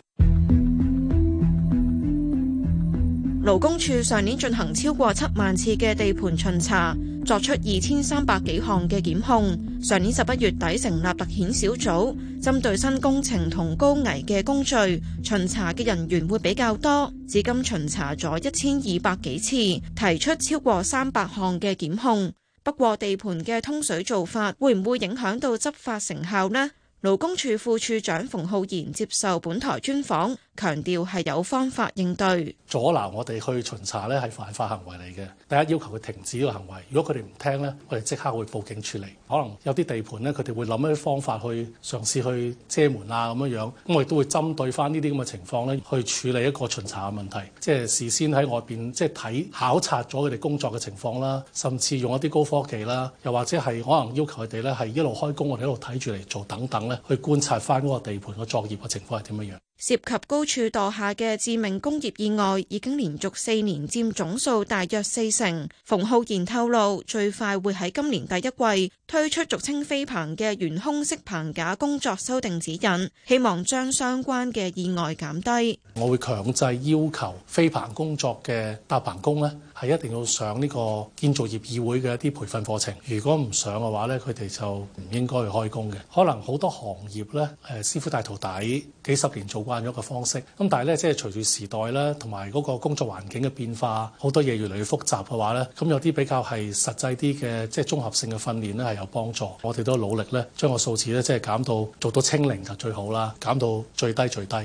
勞工處上年進行超過七萬次嘅地盤巡查，作出二千三百幾項嘅檢控。上年十一月底成立特遣小組，針對新工程同高危嘅工序，巡查嘅人員會比較多。至今巡查咗一千二百幾次，提出超過三百項嘅檢控。不過，地盤嘅通水做法會唔會影響到執法成效呢？勞工處副處長馮浩然接受本台專訪。強調係有方法應對，阻撓我哋去巡查咧，係犯法行為嚟嘅。第一要求佢停止呢個行為，如果佢哋唔聽咧，我哋即刻會報警處理。可能有啲地盤咧，佢哋會諗一啲方法去嘗試去遮門啊，咁樣樣咁，我哋都會針對翻呢啲咁嘅情況咧，去處理一個巡查嘅問題。即係事先喺外邊即係睇考察咗佢哋工作嘅情況啦，甚至用一啲高科技啦，又或者係可能要求佢哋咧係一路開工，我哋一路睇住嚟做等等咧，去觀察翻嗰個地盤個作業嘅情況係點樣樣。涉及高處墮下嘅致命工業意外已經連續四年佔總數大約四成。馮浩然透露，最快會喺今年第一季推出俗稱飛棚嘅懸空式棚架工作修訂指引，希望將相關嘅意外減低。我會強制要求飛棚工作嘅搭棚工咧。係一定要上呢個建造業議會嘅一啲培訓課程。如果唔上嘅話呢，佢哋就唔應該去開工嘅。可能好多行業咧，師傅帶徒弟幾十年做慣咗嘅方式。咁但係呢，即係隨住時代啦，同埋嗰個工作環境嘅變化，好多嘢越嚟越複雜嘅話呢，咁有啲比較係實際啲嘅，即係綜合性嘅訓練呢係有幫助。我哋都努力呢，將個數字呢，即係減到做到清零就最好啦，減到最低最低。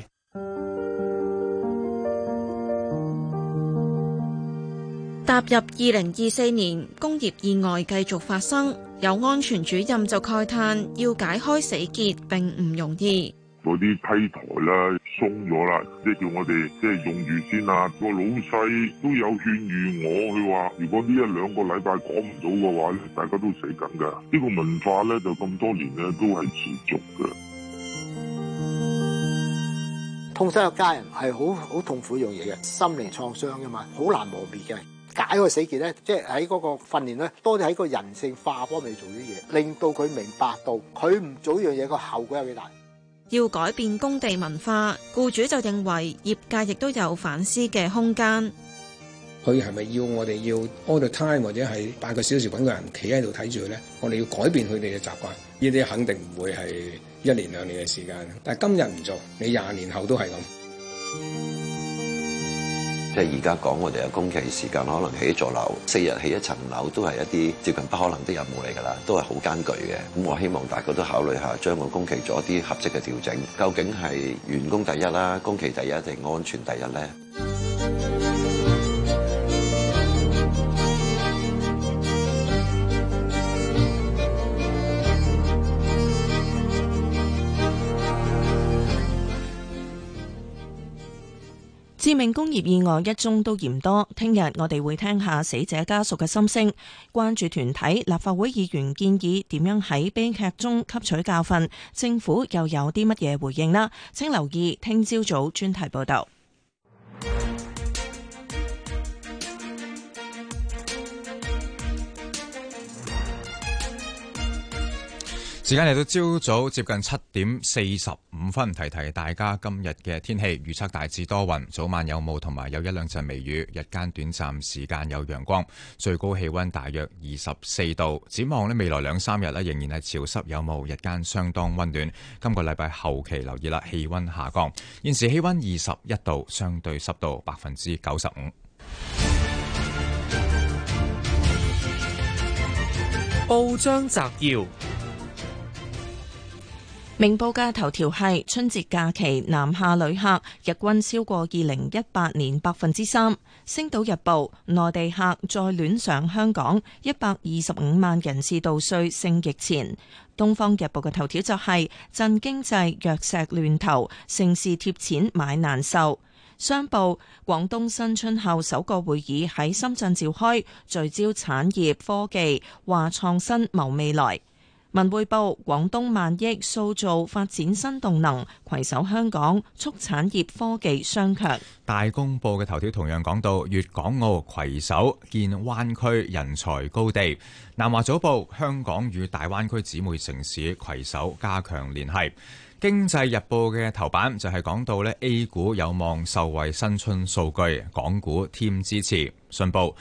踏入二零二四年，工業意外繼續發生。有安全主任就慨嘆：要解開死結並唔容易。嗰啲梯台啦，鬆咗啦，即係叫我哋即係用住先啊。個老細都有勸喻我，佢話：如果呢一兩個禮拜講唔到嘅話咧，大家都死緊㗎。呢個文化咧就咁多年咧都係持續嘅。痛失嘅家人係好好痛苦一樣嘢嘅，心靈創傷㗎嘛，好難磨滅嘅。解個死結咧，即係喺嗰個訓練咧，多啲喺個人性化方面做啲嘢，令到佢明白到佢唔做呢樣嘢個後果有幾大。要改變工地文化，僱主就認為業界亦都有反思嘅空間。佢係咪要我哋要 all the time 或者係八個小時搵個人企喺度睇住佢咧？我哋要改變佢哋嘅習慣，呢啲肯定唔會係一年兩年嘅時間。但係今日唔做，你廿年後都係咁。即係而家講，我哋嘅工期時間可能起一座樓四日起一層樓，都係一啲接近不可能嘅任務嚟㗎啦，都係好艱巨嘅。咁我希望大家都考慮下，將個工期做一啲合適嘅調整。究竟係員工第一啦，工期第一定安全第一呢？致命工業意外一宗都嫌多，聽日我哋會聽下死者家屬嘅心聲，關注團體、立法會議員建議點樣喺悲劇中吸取教訓，政府又有啲乜嘢回應啦？請留意聽朝早專題報道。時間嚟到朝早接近七點四十五分，提提大家今日嘅天氣預測大致多雲，早晚有霧同埋有一兩陣微雨，日間短暫時間有陽光，最高氣温大約二十四度。展望咧，未來兩三日咧仍然係潮濕有霧，日間相當温暖。今個禮拜後期留意啦，氣温下降。現時氣温二十一度，相對濕度百分之九十五。報章摘要。明報嘅頭條係春節假期南下旅客日均超過二零一八年百分之三。星島日報內地客再戀上香港一百二十五萬人次度歲勝疫前。東方日報嘅頭條就係、是、振經濟藥石亂投，城市貼錢買難受。商報廣東新春後首個會議喺深圳召開，聚焦產業科技，話創新謀未來。文匯報：廣東萬億塑造發展新動能，攜手香港促產業科技雙強。大公報嘅頭條同樣講到粵港澳攜手建灣區人才高地。南華早報：香港與大灣區姊妹城市攜手加強聯繫。經濟日報嘅頭版就係講到咧 A 股有望受惠新春數據，港股添支持。信報。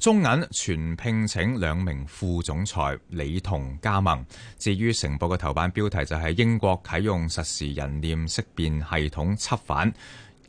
中銀全聘請兩名副總裁，李彤加盟。至於《成報》嘅頭版標題就係英國啟用實時人臉識別系統緝犯。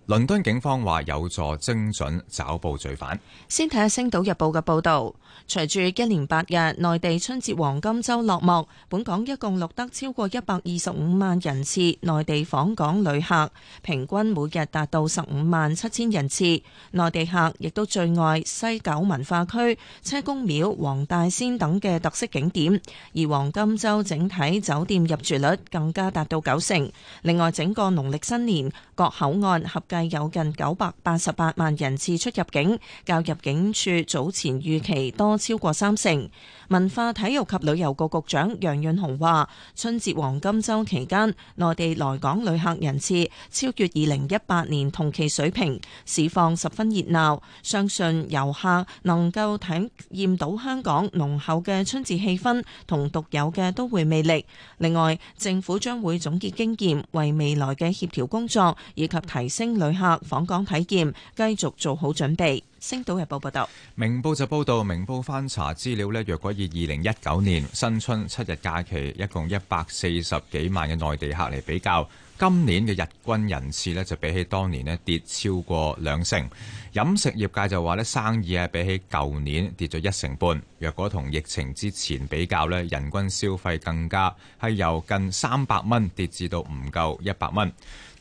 倫敦警方話有助精準抓捕罪犯。先睇下《星島日報》嘅報導。隨住一連八日內地春節黃金週落幕，本港一共錄得超過一百二十五萬人次內地訪港旅客，平均每日達到十五萬七千人次。內地客亦都最愛西九文化區、車公廟、黃大仙等嘅特色景點。而黃金週整體酒店入住率更加達到九成。另外，整個農曆新年各口岸合計有近九百八十八萬人次出入境，較入境處早前預期多超過三成。文化體育及旅遊局局長楊潤雄話：春節黃金週期間，內地來港旅客人次超越二零一八年同期水平，市況十分熱鬧。相信遊客能夠體驗到香港濃厚嘅春節氣氛同獨有嘅都會魅力。另外，政府將會總結經驗，為未來嘅協調工作以及提升旅客訪港體驗，繼續做好準備。星島日報報道，明報就報道，明報翻查資料咧，若果以二零一九年新春七日假期一共一百四十幾萬嘅內地客嚟比較，今年嘅日均人次咧就比起當年咧跌超過兩成。飲食業界就話咧，生意係，比起舊年跌咗一成半，若果同疫情之前比較咧，人均消費更加係由近三百蚊跌至到唔夠一百蚊。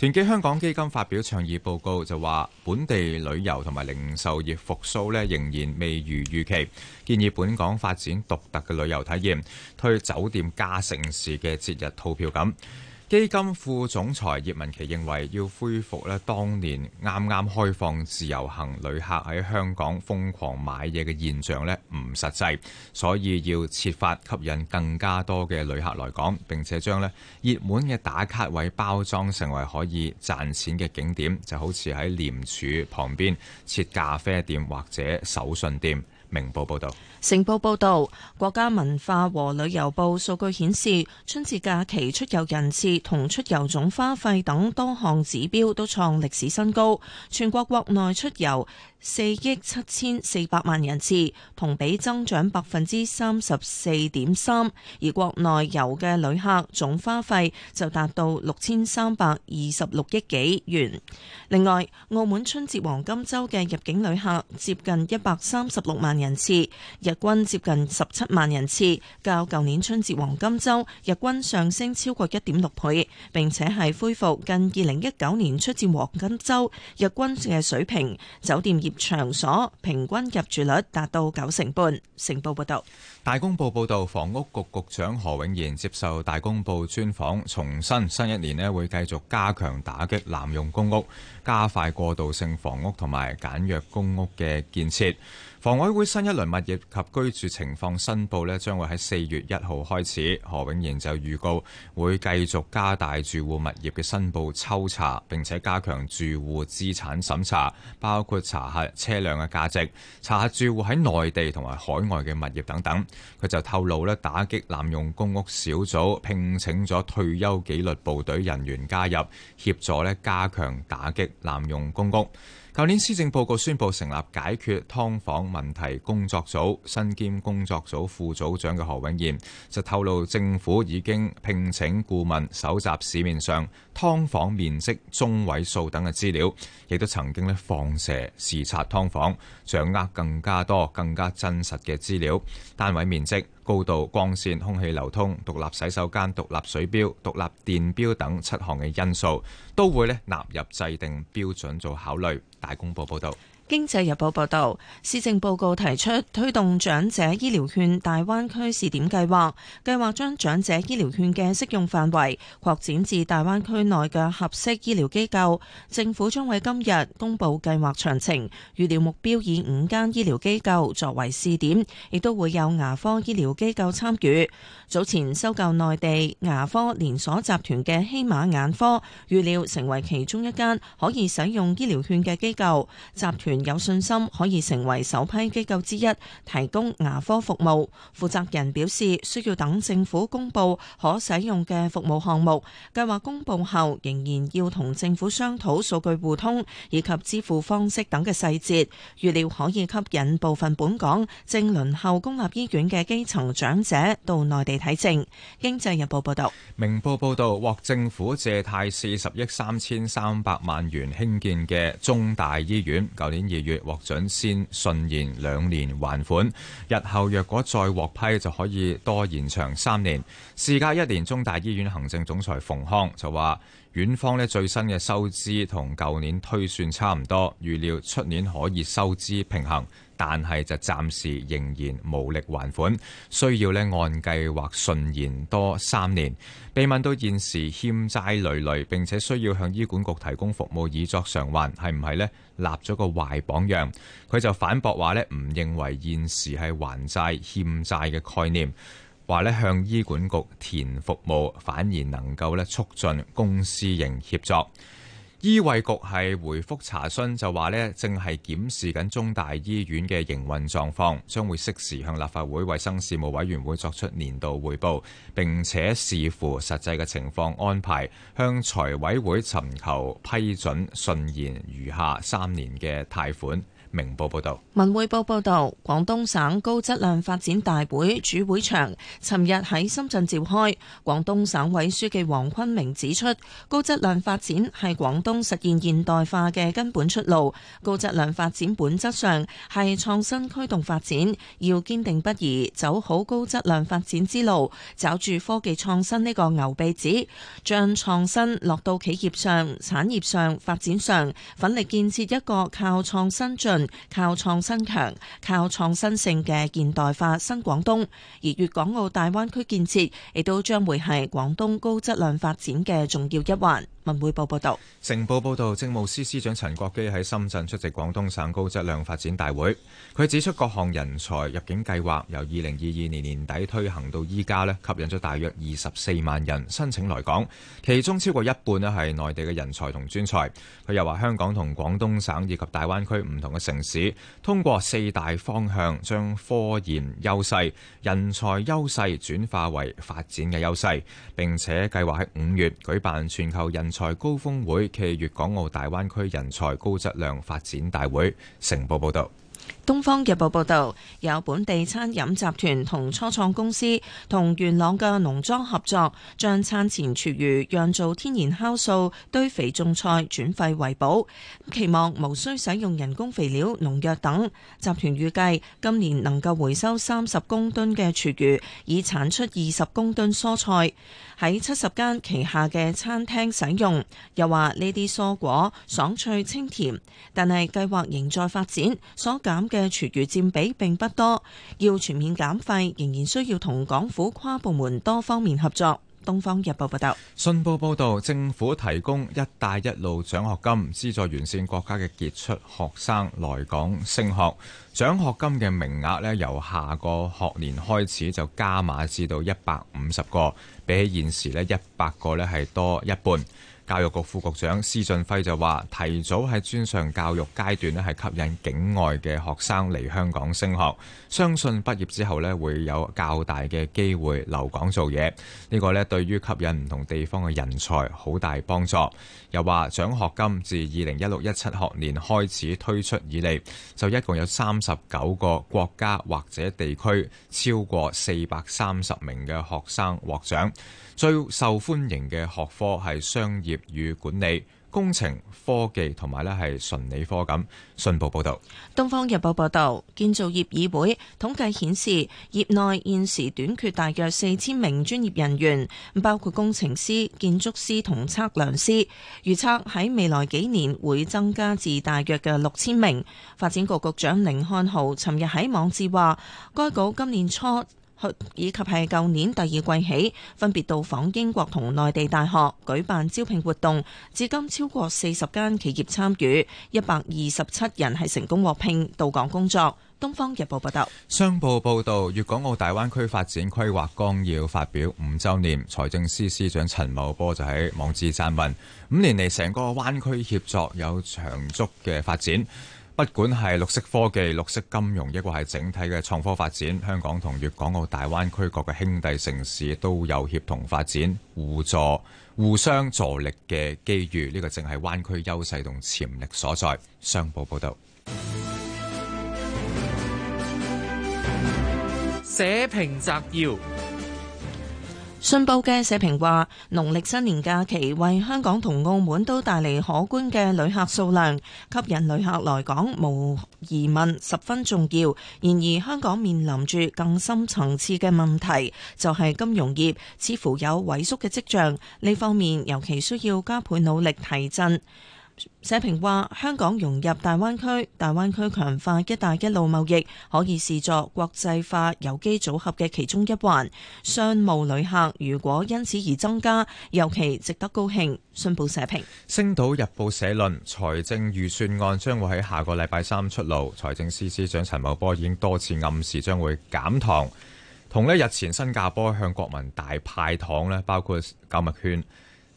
團結香港基金發表倡議報告就話，本地旅遊同埋零售業復甦咧，仍然未如預期，建議本港發展獨特嘅旅遊體驗，推酒店加城市嘅節日套票咁。基金副總裁葉文琪認為，要恢復呢當年啱啱開放自由行旅客喺香港瘋狂買嘢嘅現象呢，唔實際，所以要設法吸引更加多嘅旅客來港，並且將呢熱門嘅打卡位包裝成為可以賺錢嘅景點，就好似喺廉署旁邊設咖啡店或者手信店。明報報道。成報報導，國家文化和旅遊部數據顯示，春節假期出遊人次同出遊總花費等多項指標都創歷史新高。全國國內出遊四億七千四百萬人次，同比增長百分之三十四點三，而國內遊嘅旅客總花費就達到六千三百二十六億幾元。另外，澳門春節黃金週嘅入境旅客接近一百三十六萬人次。日均接近十七萬人次，較舊年春節黃金周日均上升超過一點六倍，並且係恢復近二零一九年春節黃金周日均嘅水平。酒店業場所平均入住率達到九成半。成報報道，大公報報道，房屋局局局長何永賢接受大公報專訪，重申新新一年呢會繼續加強打擊濫用公屋，加快過渡性房屋同埋簡約公屋嘅建設。房委會新一輪物業及居住情況申報呢，將會喺四月一號開始。何永賢就預告會繼續加大住戶物業嘅申報抽查，並且加強住戶資產審查，包括查核車輛嘅價值，查核住戶喺內地同埋海外嘅物業等等。佢就透露呢，打擊濫用公屋小組聘請咗退休紀律部隊人員加入，協助呢加強打擊濫用公屋。舊年施政報告宣布成立解決劏房問題工作組，身兼工作組副組長嘅何永賢就透露，政府已經聘請顧問搜集市面上劏房面積中位數等嘅資料，亦都曾經咧放蛇視察劏房，掌握更加多、更加真實嘅資料。單位面積、高度、光綫、空氣流通、獨立洗手間、獨立水表、獨立電表等七項嘅因素，都會咧納入制定標準做考慮。大公報報道。經濟日報報道，施政報告提出推動長者醫療券大灣區試點計劃，計劃將長者醫療券嘅適用範圍擴展至大灣區內嘅合適醫療機構。政府將喺今日公布計劃詳情，預料目標以五間醫療機構作為試點，亦都會有牙科醫療機構參與。早前收購內地牙科連鎖集團嘅希瑪眼科，預料成為其中一間可以使用醫療券嘅機構。集團，有信心可以成為首批機構之一，提供牙科服務。負責人表示，需要等政府公布可使用嘅服務項目。計劃公布後，仍然要同政府商討數據互通以及支付方式等嘅細節。預料可以吸引部分本港正輪候公立醫院嘅基層長者到內地睇症。經濟日報報道，明報報道獲政府借貸四十億三千三百萬元興建嘅中大醫院，舊年。二月獲准先順延兩年還款，日後若果再獲批就可以多延長三年。事隔一年，中大醫院行政總裁馮康就話，院方咧最新嘅收支同舊年推算差唔多，預料出年可以收支平衡。但係就暫時仍然無力還款，需要咧按計劃順延多三年。被問到現時欠債累累並且需要向醫管局提供服務以作償還，係唔係咧立咗個壞榜樣？佢就反駁話咧唔認為現時係還債欠債嘅概念，話咧向醫管局填服務反而能夠咧促進公私營協作。醫衛局係回覆查詢就話呢，正係檢視緊中大醫院嘅營運狀況，將會適時向立法會衛生事務委員會作出年度匯報，並且視乎實際嘅情況安排，向財委會尋求批准，順延餘下三年嘅貸款。明報報道，文匯報報道，廣東省高質量發展大會主會場尋日喺深圳召開，廣東省委書記黃坤明指出，高質量發展係廣東實現現代化嘅根本出路。高質量發展本質上係創新驅動發展，要堅定不移走好高質量發展之路，抓住科技創新呢個牛鼻子，將創新落到企業上、產業上、發展上，奮力建設一個靠創新進。靠創新強，靠創新性嘅現代化新廣東，而粵港澳大灣區建設亦都將會係廣東高質量發展嘅重要一環。文匯報報道，成報報道，政務司司長陳國基喺深圳出席廣東省高質量發展大會。佢指出，各項人才入境計劃由二零二二年年底推行到依家咧，吸引咗大約二十四萬人申請來港，其中超過一半咧係內地嘅人才同專才。佢又話，香港同廣東省以及大灣區唔同嘅城市，通過四大方向，將科研優勢、人才優勢轉化為發展嘅優勢，並且計劃喺五月舉辦全球人才。在高峰會暨粵港澳大灣區人才高質量發展大會，成報報道，東方日報報道，有本地餐飲集團同初創公司同元朗嘅農莊合作，將餐前廚餘釀造天然酵素，堆肥種菜，轉廢為寶。期望無需使用人工肥料、農藥等。集團預計今年能夠回收三十公噸嘅廚餘，以產出二十公噸蔬菜。喺七十間旗下嘅餐廳使用，又話呢啲蔬果爽脆清甜，但係計劃仍在發展，所減嘅廚餘佔比並不多，要全面減廢仍然需要同港府跨部門多方面合作。東方日報報道，信報報道，政府提供“一帶一路”獎學金，資助完善國家嘅傑出學生來港升學。獎學金嘅名額呢，由下個學年開始就加碼至到一百五十個，比起現時呢一百個呢係多一半。教育局副局長施俊輝就話：提早喺專上教育階段咧，係吸引境外嘅學生嚟香港升學，相信畢業之後咧會有較大嘅機會留港做嘢。呢個咧對於吸引唔同地方嘅人才好大幫助。又話獎學金自二零一六一七學年開始推出以嚟，就一共有三十九個國家或者地區，超過四百三十名嘅學生獲獎。最受歡迎嘅學科係商業與管理、工程科技同埋咧係純理科咁。信報報導，《東方日報》報導，建造業議會統計顯示，業內現時短缺大約四千名專業人員，包括工程師、建築師同測量師。預測喺未來幾年會增加至大約嘅六千名。發展局局長甯漢豪尋日喺網誌話，該局今年初，以及係舊年第二季起，分別到訪英國同內地大學舉辦招聘活動，至今超過四十間企業參與，一百二十七人係成功獲聘到港工作。《東方日報》報道。商報報道，粵港澳大灣區發展規劃綱要發表五週年，財政司司長陳茂波就喺網誌撰文，五年嚟成個灣區協作有長足嘅發展。不管係綠色科技、綠色金融，亦或係整體嘅創科發展，香港同粵港澳大灣區各個兄弟城市都有協同發展、互助、互相助力嘅機遇。呢、這個正係灣區優勢同潛力所在。商報報導，社評摘要。信報嘅社評話：農曆新年假期為香港同澳門都帶嚟可觀嘅旅客數量，吸引旅客來港無疑問十分重要。然而，香港面臨住更深層次嘅問題，就係金融業似乎有萎縮嘅跡象，呢方面尤其需要加倍努力提振。社評話：香港融入大灣區，大灣區強化一帶一路貿易，可以視作國際化有機組合嘅其中一環。商務旅客如果因此而增加，尤其值得高興。信報社評。星島日報社論：財政預算案將會喺下個禮拜三出爐。財政司司長陳茂波已經多次暗示將會減糖。同咧日前新加坡向國民大派糖咧，包括購物券、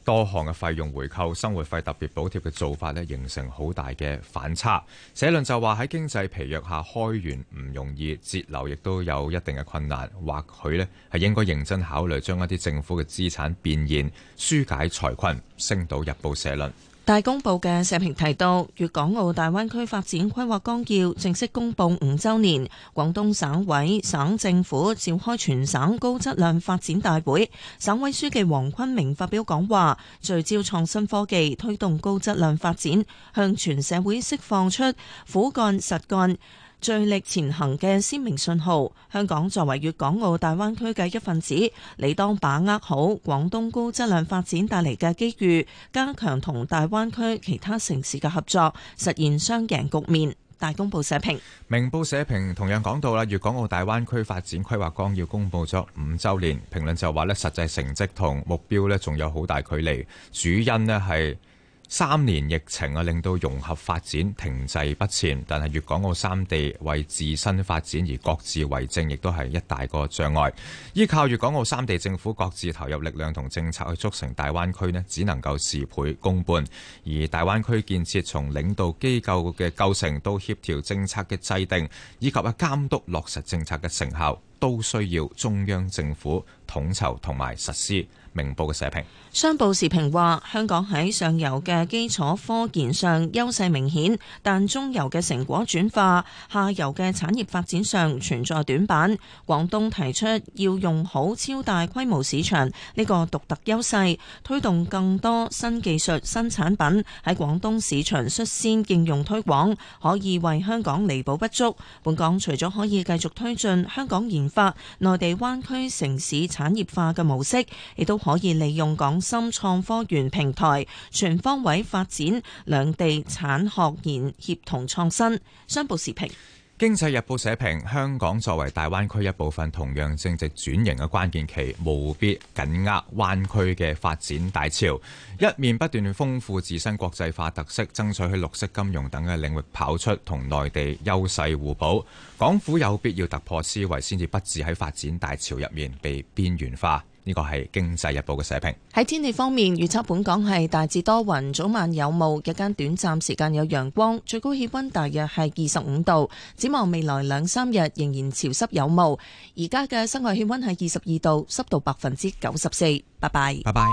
多項嘅費用回扣、生活費特別補貼嘅做法咧，形成好大嘅反差。社論就話喺經濟疲弱下開源唔容易，節流亦都有一定嘅困難。或許咧係應該認真考慮將一啲政府嘅資產變現，疏解財困，升到《日報社論》。大公報嘅社評提到，粵港澳大灣區發展規劃綱要正式公布五週年，廣東省委省政府召開全省高質量發展大會，省委書記黃坤明發表講話，聚焦創新科技推動高質量發展，向全社會釋放出苦幹實幹，聚力前行嘅鮮明信號，香港作為粵港澳大灣區嘅一份子，理當把握好廣東高質量發展帶嚟嘅機遇，加強同大灣區其他城市嘅合作，實現雙贏局面。大公報社評，明報社評同樣講到啦，粵港澳大灣區發展規劃綱要公布咗五周年，評論就話咧實際成績同目標咧仲有好大距離，主因咧係。三年疫情啊，令到融合發展停滯不前，但係粵港澳三地為自身發展而各自為政，亦都係一大個障礙。依靠粵港澳三地政府各自投入力量同政策去促成大灣區呢，只能夠事倍功半。而大灣區建設從領導機構嘅構成到協調政策嘅制定，以及啊監督落實政策嘅成效，都需要中央政府統籌同埋實施。明報嘅社評，商報時評話：香港喺上游嘅基礎科研上優勢明顯，但中游嘅成果轉化、下游嘅產業發展上存在短板。廣東提出要用好超大規模市場呢個獨特優勢，推動更多新技術、新產品喺廣東市場率先應用推廣，可以為香港彌補不足。本港除咗可以繼續推進香港研，法內地灣區城市產業化嘅模式，亦都可以利用港深創科園平台，全方位發展兩地產學研協同創新。商報時評。經濟日報社評：香港作為大灣區一部分，同樣正值轉型嘅關鍵期，務必緊握灣區嘅發展大潮，一面不斷豐富自身國際化特色，爭取喺綠色金融等嘅領域跑出，同內地優勢互補。港府有必要突破思維，先至不至喺發展大潮入面被邊緣化。呢個係《經濟日報》嘅社評。喺天氣方面，預測本港係大致多雲，早晚有霧，日間短暫時間有陽光，最高氣温大約係二十五度。展望未來兩三日仍然潮濕有霧。而家嘅室外氣温係二十二度，濕度百分之九十四。拜拜。拜拜。